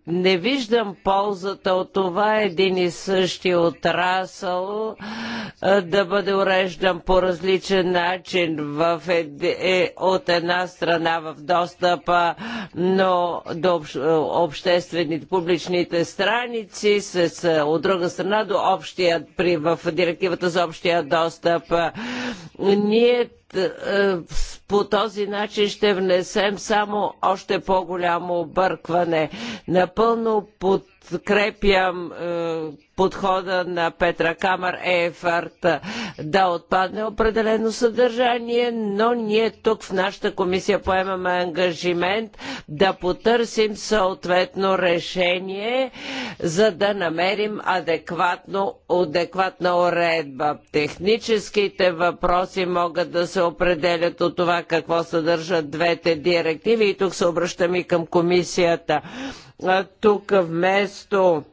B: Не виждам ползата от това един и същи отрасъл да бъде уреждан по различен начин в ед... е, от една страна в достъпа но до общ... обществените публичните страници, с, от друга страна до общия при, в директивата за общия достъп ние е, по този начин ще внесем само още по-голямо объркване. Напълно подкрепям е, подхода на Петра Камър ЕФРТ да отпадне определено съдържание, но ние тук в нашата комисия поемаме ангажимент да потърсим съответно решение, за да намерим адекватно, адекватна уредба. Техническите въпроси могат да се се определят от това какво съдържат двете директиви. И тук се обръщам и към комисията. Тук вместо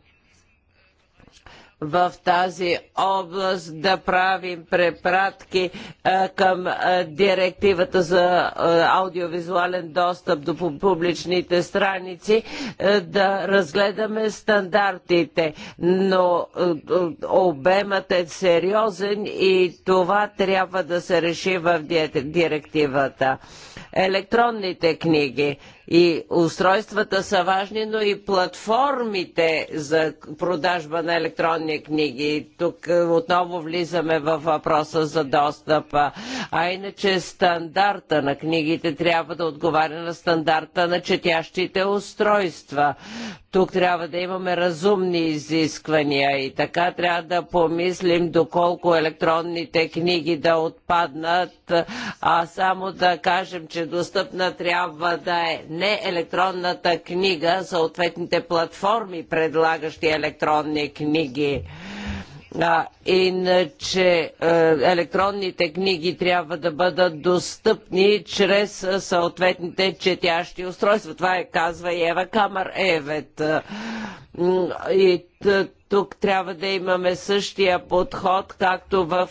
B: в тази област да правим препратки е, към е, директивата за е, аудиовизуален достъп до публичните страници, да разгледаме стандартите. Но обемът е сериозен и това трябва да се реши в директивата. Електронните книги и устройствата са важни, но и платформите за продажба на електронни книги. Тук е, отново влизаме в въпроса за достъпа. А иначе стандарта на книгите трябва да отговаря на стандарта на четящите устройства. Тук трябва да имаме разумни изисквания и така трябва да помислим доколко електронните книги да отпаднат, а само да кажем, че достъпна трябва да е не електронната книга, съответните платформи, предлагащи електронни книги. А, иначе е, електронните книги трябва да бъдат достъпни чрез е, съответните четящи устройства. Това е казва и Ева Камър Евет. И тук трябва да имаме същия подход, както в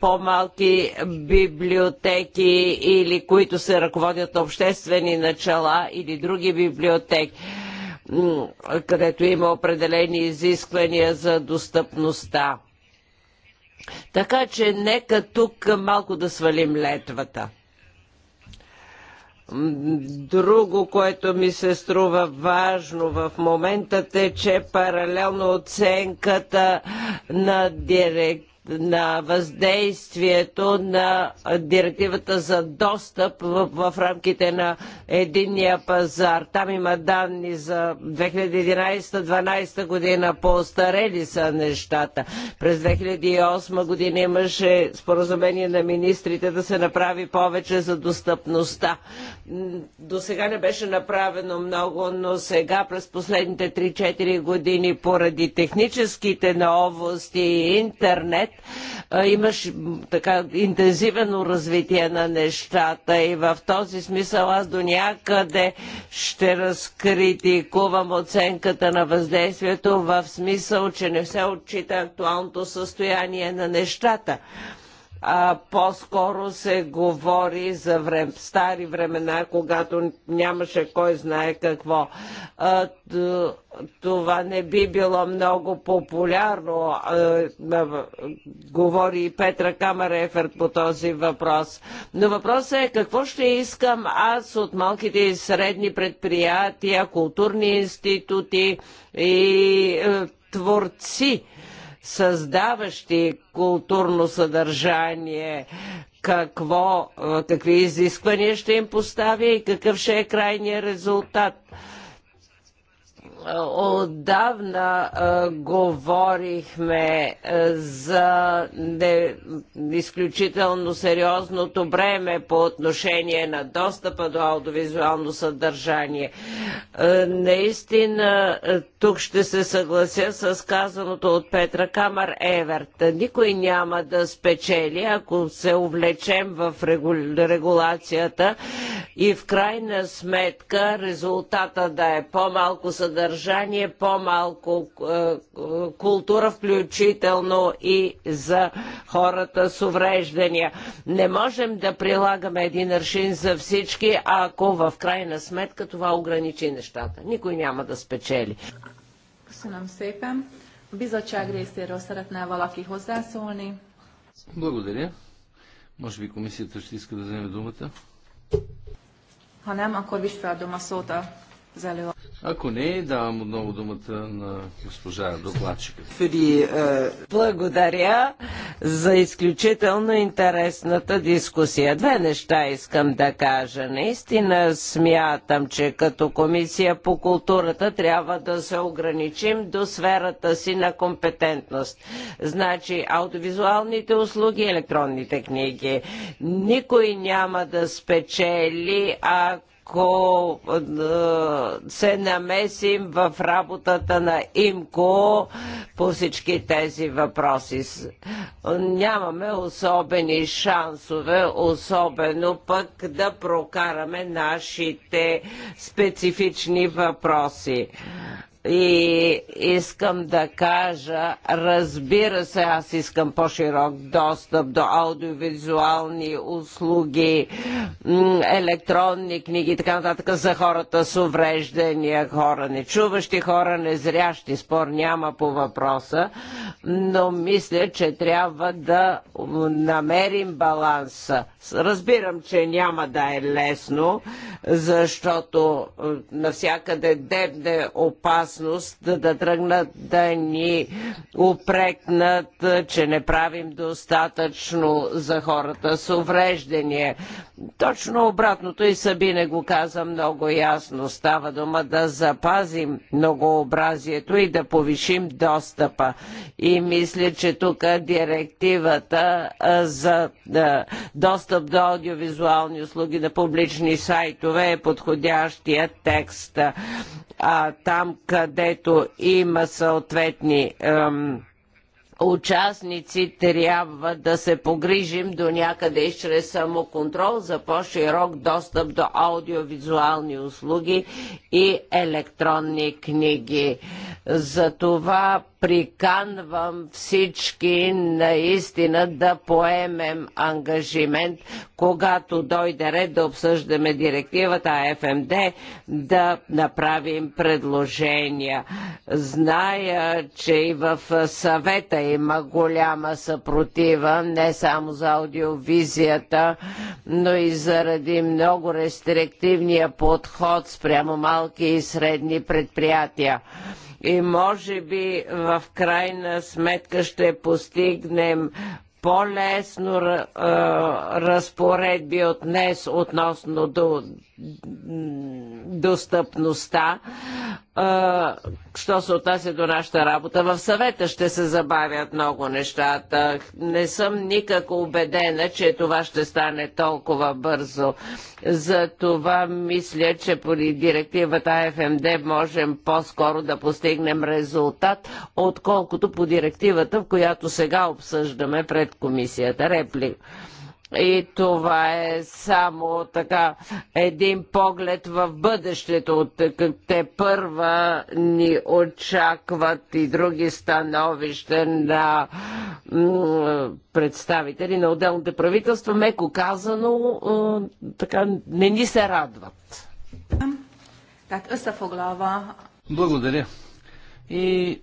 B: по-малки библиотеки или които се ръководят обществени начала или други библиотеки където има определени изисквания за достъпността. Така че нека тук малко да свалим летвата. Друго, което ми се струва важно в момента е, че паралелно оценката на директ на въздействието на директивата за достъп в, в рамките на единния пазар. Там има данни за 2011-2012 година, по-остарели са нещата. През 2008 година имаше споразумение на министрите да се направи повече за достъпността. До сега не беше направено много, но сега през последните 3-4 години поради техническите новости и интернет Имаш така интензивно развитие на нещата и в този смисъл аз до някъде ще разкритикувам оценката на въздействието в смисъл, че не се отчита актуалното състояние на нещата по-скоро се говори за врем, стари времена, когато нямаше кой знае какво. А, това не би било много популярно. Говори и Петра Камарефер по този въпрос. Но въпросът е какво ще искам аз от малките и средни предприятия, културни институти и е, творци създаващи културно съдържание, какво, какви изисквания ще им поставя и какъв ще е крайният резултат. Отдавна говорихме за не, изключително сериозното бреме по отношение на достъпа до аудиовизуално съдържание. наистина, тук ще се съглася с казаното от Петра Камар Еверт. Никой няма да спечели, ако се увлечем в регулацията и в крайна сметка резултата да е по-малко съдържание съдържание, по-малко е, култура, включително и за хората с увреждания. Не можем да прилагаме един аршин за всички, ако в крайна сметка това ограничи нещата. Никой няма да спечели. Благодаря.
C: Може би комисията ще иска да вземе думата.
B: Ha nem, akkor
A: visszaadom a szót a
C: ако не, давам отново думата на госпожа докладчика.
B: Е, Благодаря за изключително интересната дискусия. Две неща искам да кажа. Наистина смятам, че като комисия по културата трябва да се ограничим до сферата си на компетентност. Значи аудиовизуалните услуги, електронните книги. Никой няма да спечели, ако ако се намесим в работата на ИМКО по всички тези въпроси. Нямаме особени шансове, особено пък да прокараме нашите специфични въпроси. И искам да кажа, разбира се, аз искам по-широк достъп до аудиовизуални услуги, електронни книги и така нататък за хората с увреждания, хора нечуващи, хора незрящи. Спор няма по въпроса, но мисля, че трябва да намерим баланса. Разбирам, че няма да е лесно, защото навсякъде дебне опасно опасност да тръгнат да ни упрекнат, че не правим достатъчно за хората с увреждания. Точно обратното и Сабине го каза много ясно. Става дума да запазим многообразието и да повишим достъпа. И мисля, че тук директивата за достъп до аудиовизуални услуги на публични сайтове е подходящия текст. А там, където където има съответни ем, участници трябва да се погрижим до някъде и чрез самоконтрол за по-широк достъп до аудиовизуални услуги и електронни книги. Затова приканвам всички наистина да поемем ангажимент, когато дойде ред да обсъждаме директивата АФМД, да направим предложения. Зная, че и в съвета има голяма съпротива не само за аудиовизията, но и заради много рестриктивния подход спрямо малки и средни предприятия и може би в крайна сметка ще постигнем по-лесно разпоредби от днес относно до, достъпността. Що се отнася до нашата работа в съвета, ще се забавят много нещата. Не съм никак убедена, че това ще стане толкова бързо. За това мисля, че по директивата АФМД можем по-скоро да постигнем резултат, отколкото по директивата, в която сега обсъждаме пред комисията. Реплик. И това е само така един поглед в бъдещето. От те първа ни очакват и други становища на представители на отделните правителства. Меко казано, така не ни се радват. Благодаря. И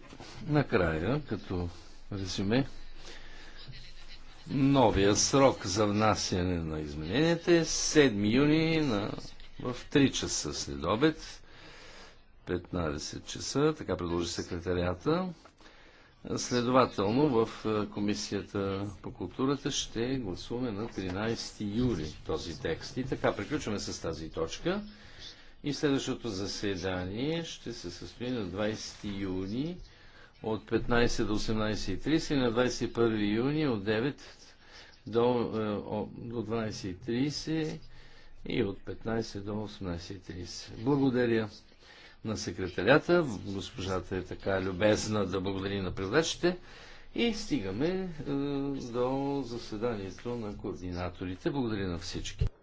C: накрая, като резюме, Новия срок за внасяне на измененията е 7 юни на, в 3 часа след обед, 15 часа, така предложи секретарията. Следователно в е, Комисията по културата ще гласуваме на 13 юли този текст. И така, приключваме с тази точка. И следващото заседание ще се състои на 20 юни от 15 до 18.30 и на 21 юни от 9 до, е, до 12.30 и от 15 до 18.30. Благодаря на секретарята. Госпожата е така любезна да благодари на предачите. И стигаме е, до заседанието на координаторите. Благодаря на всички.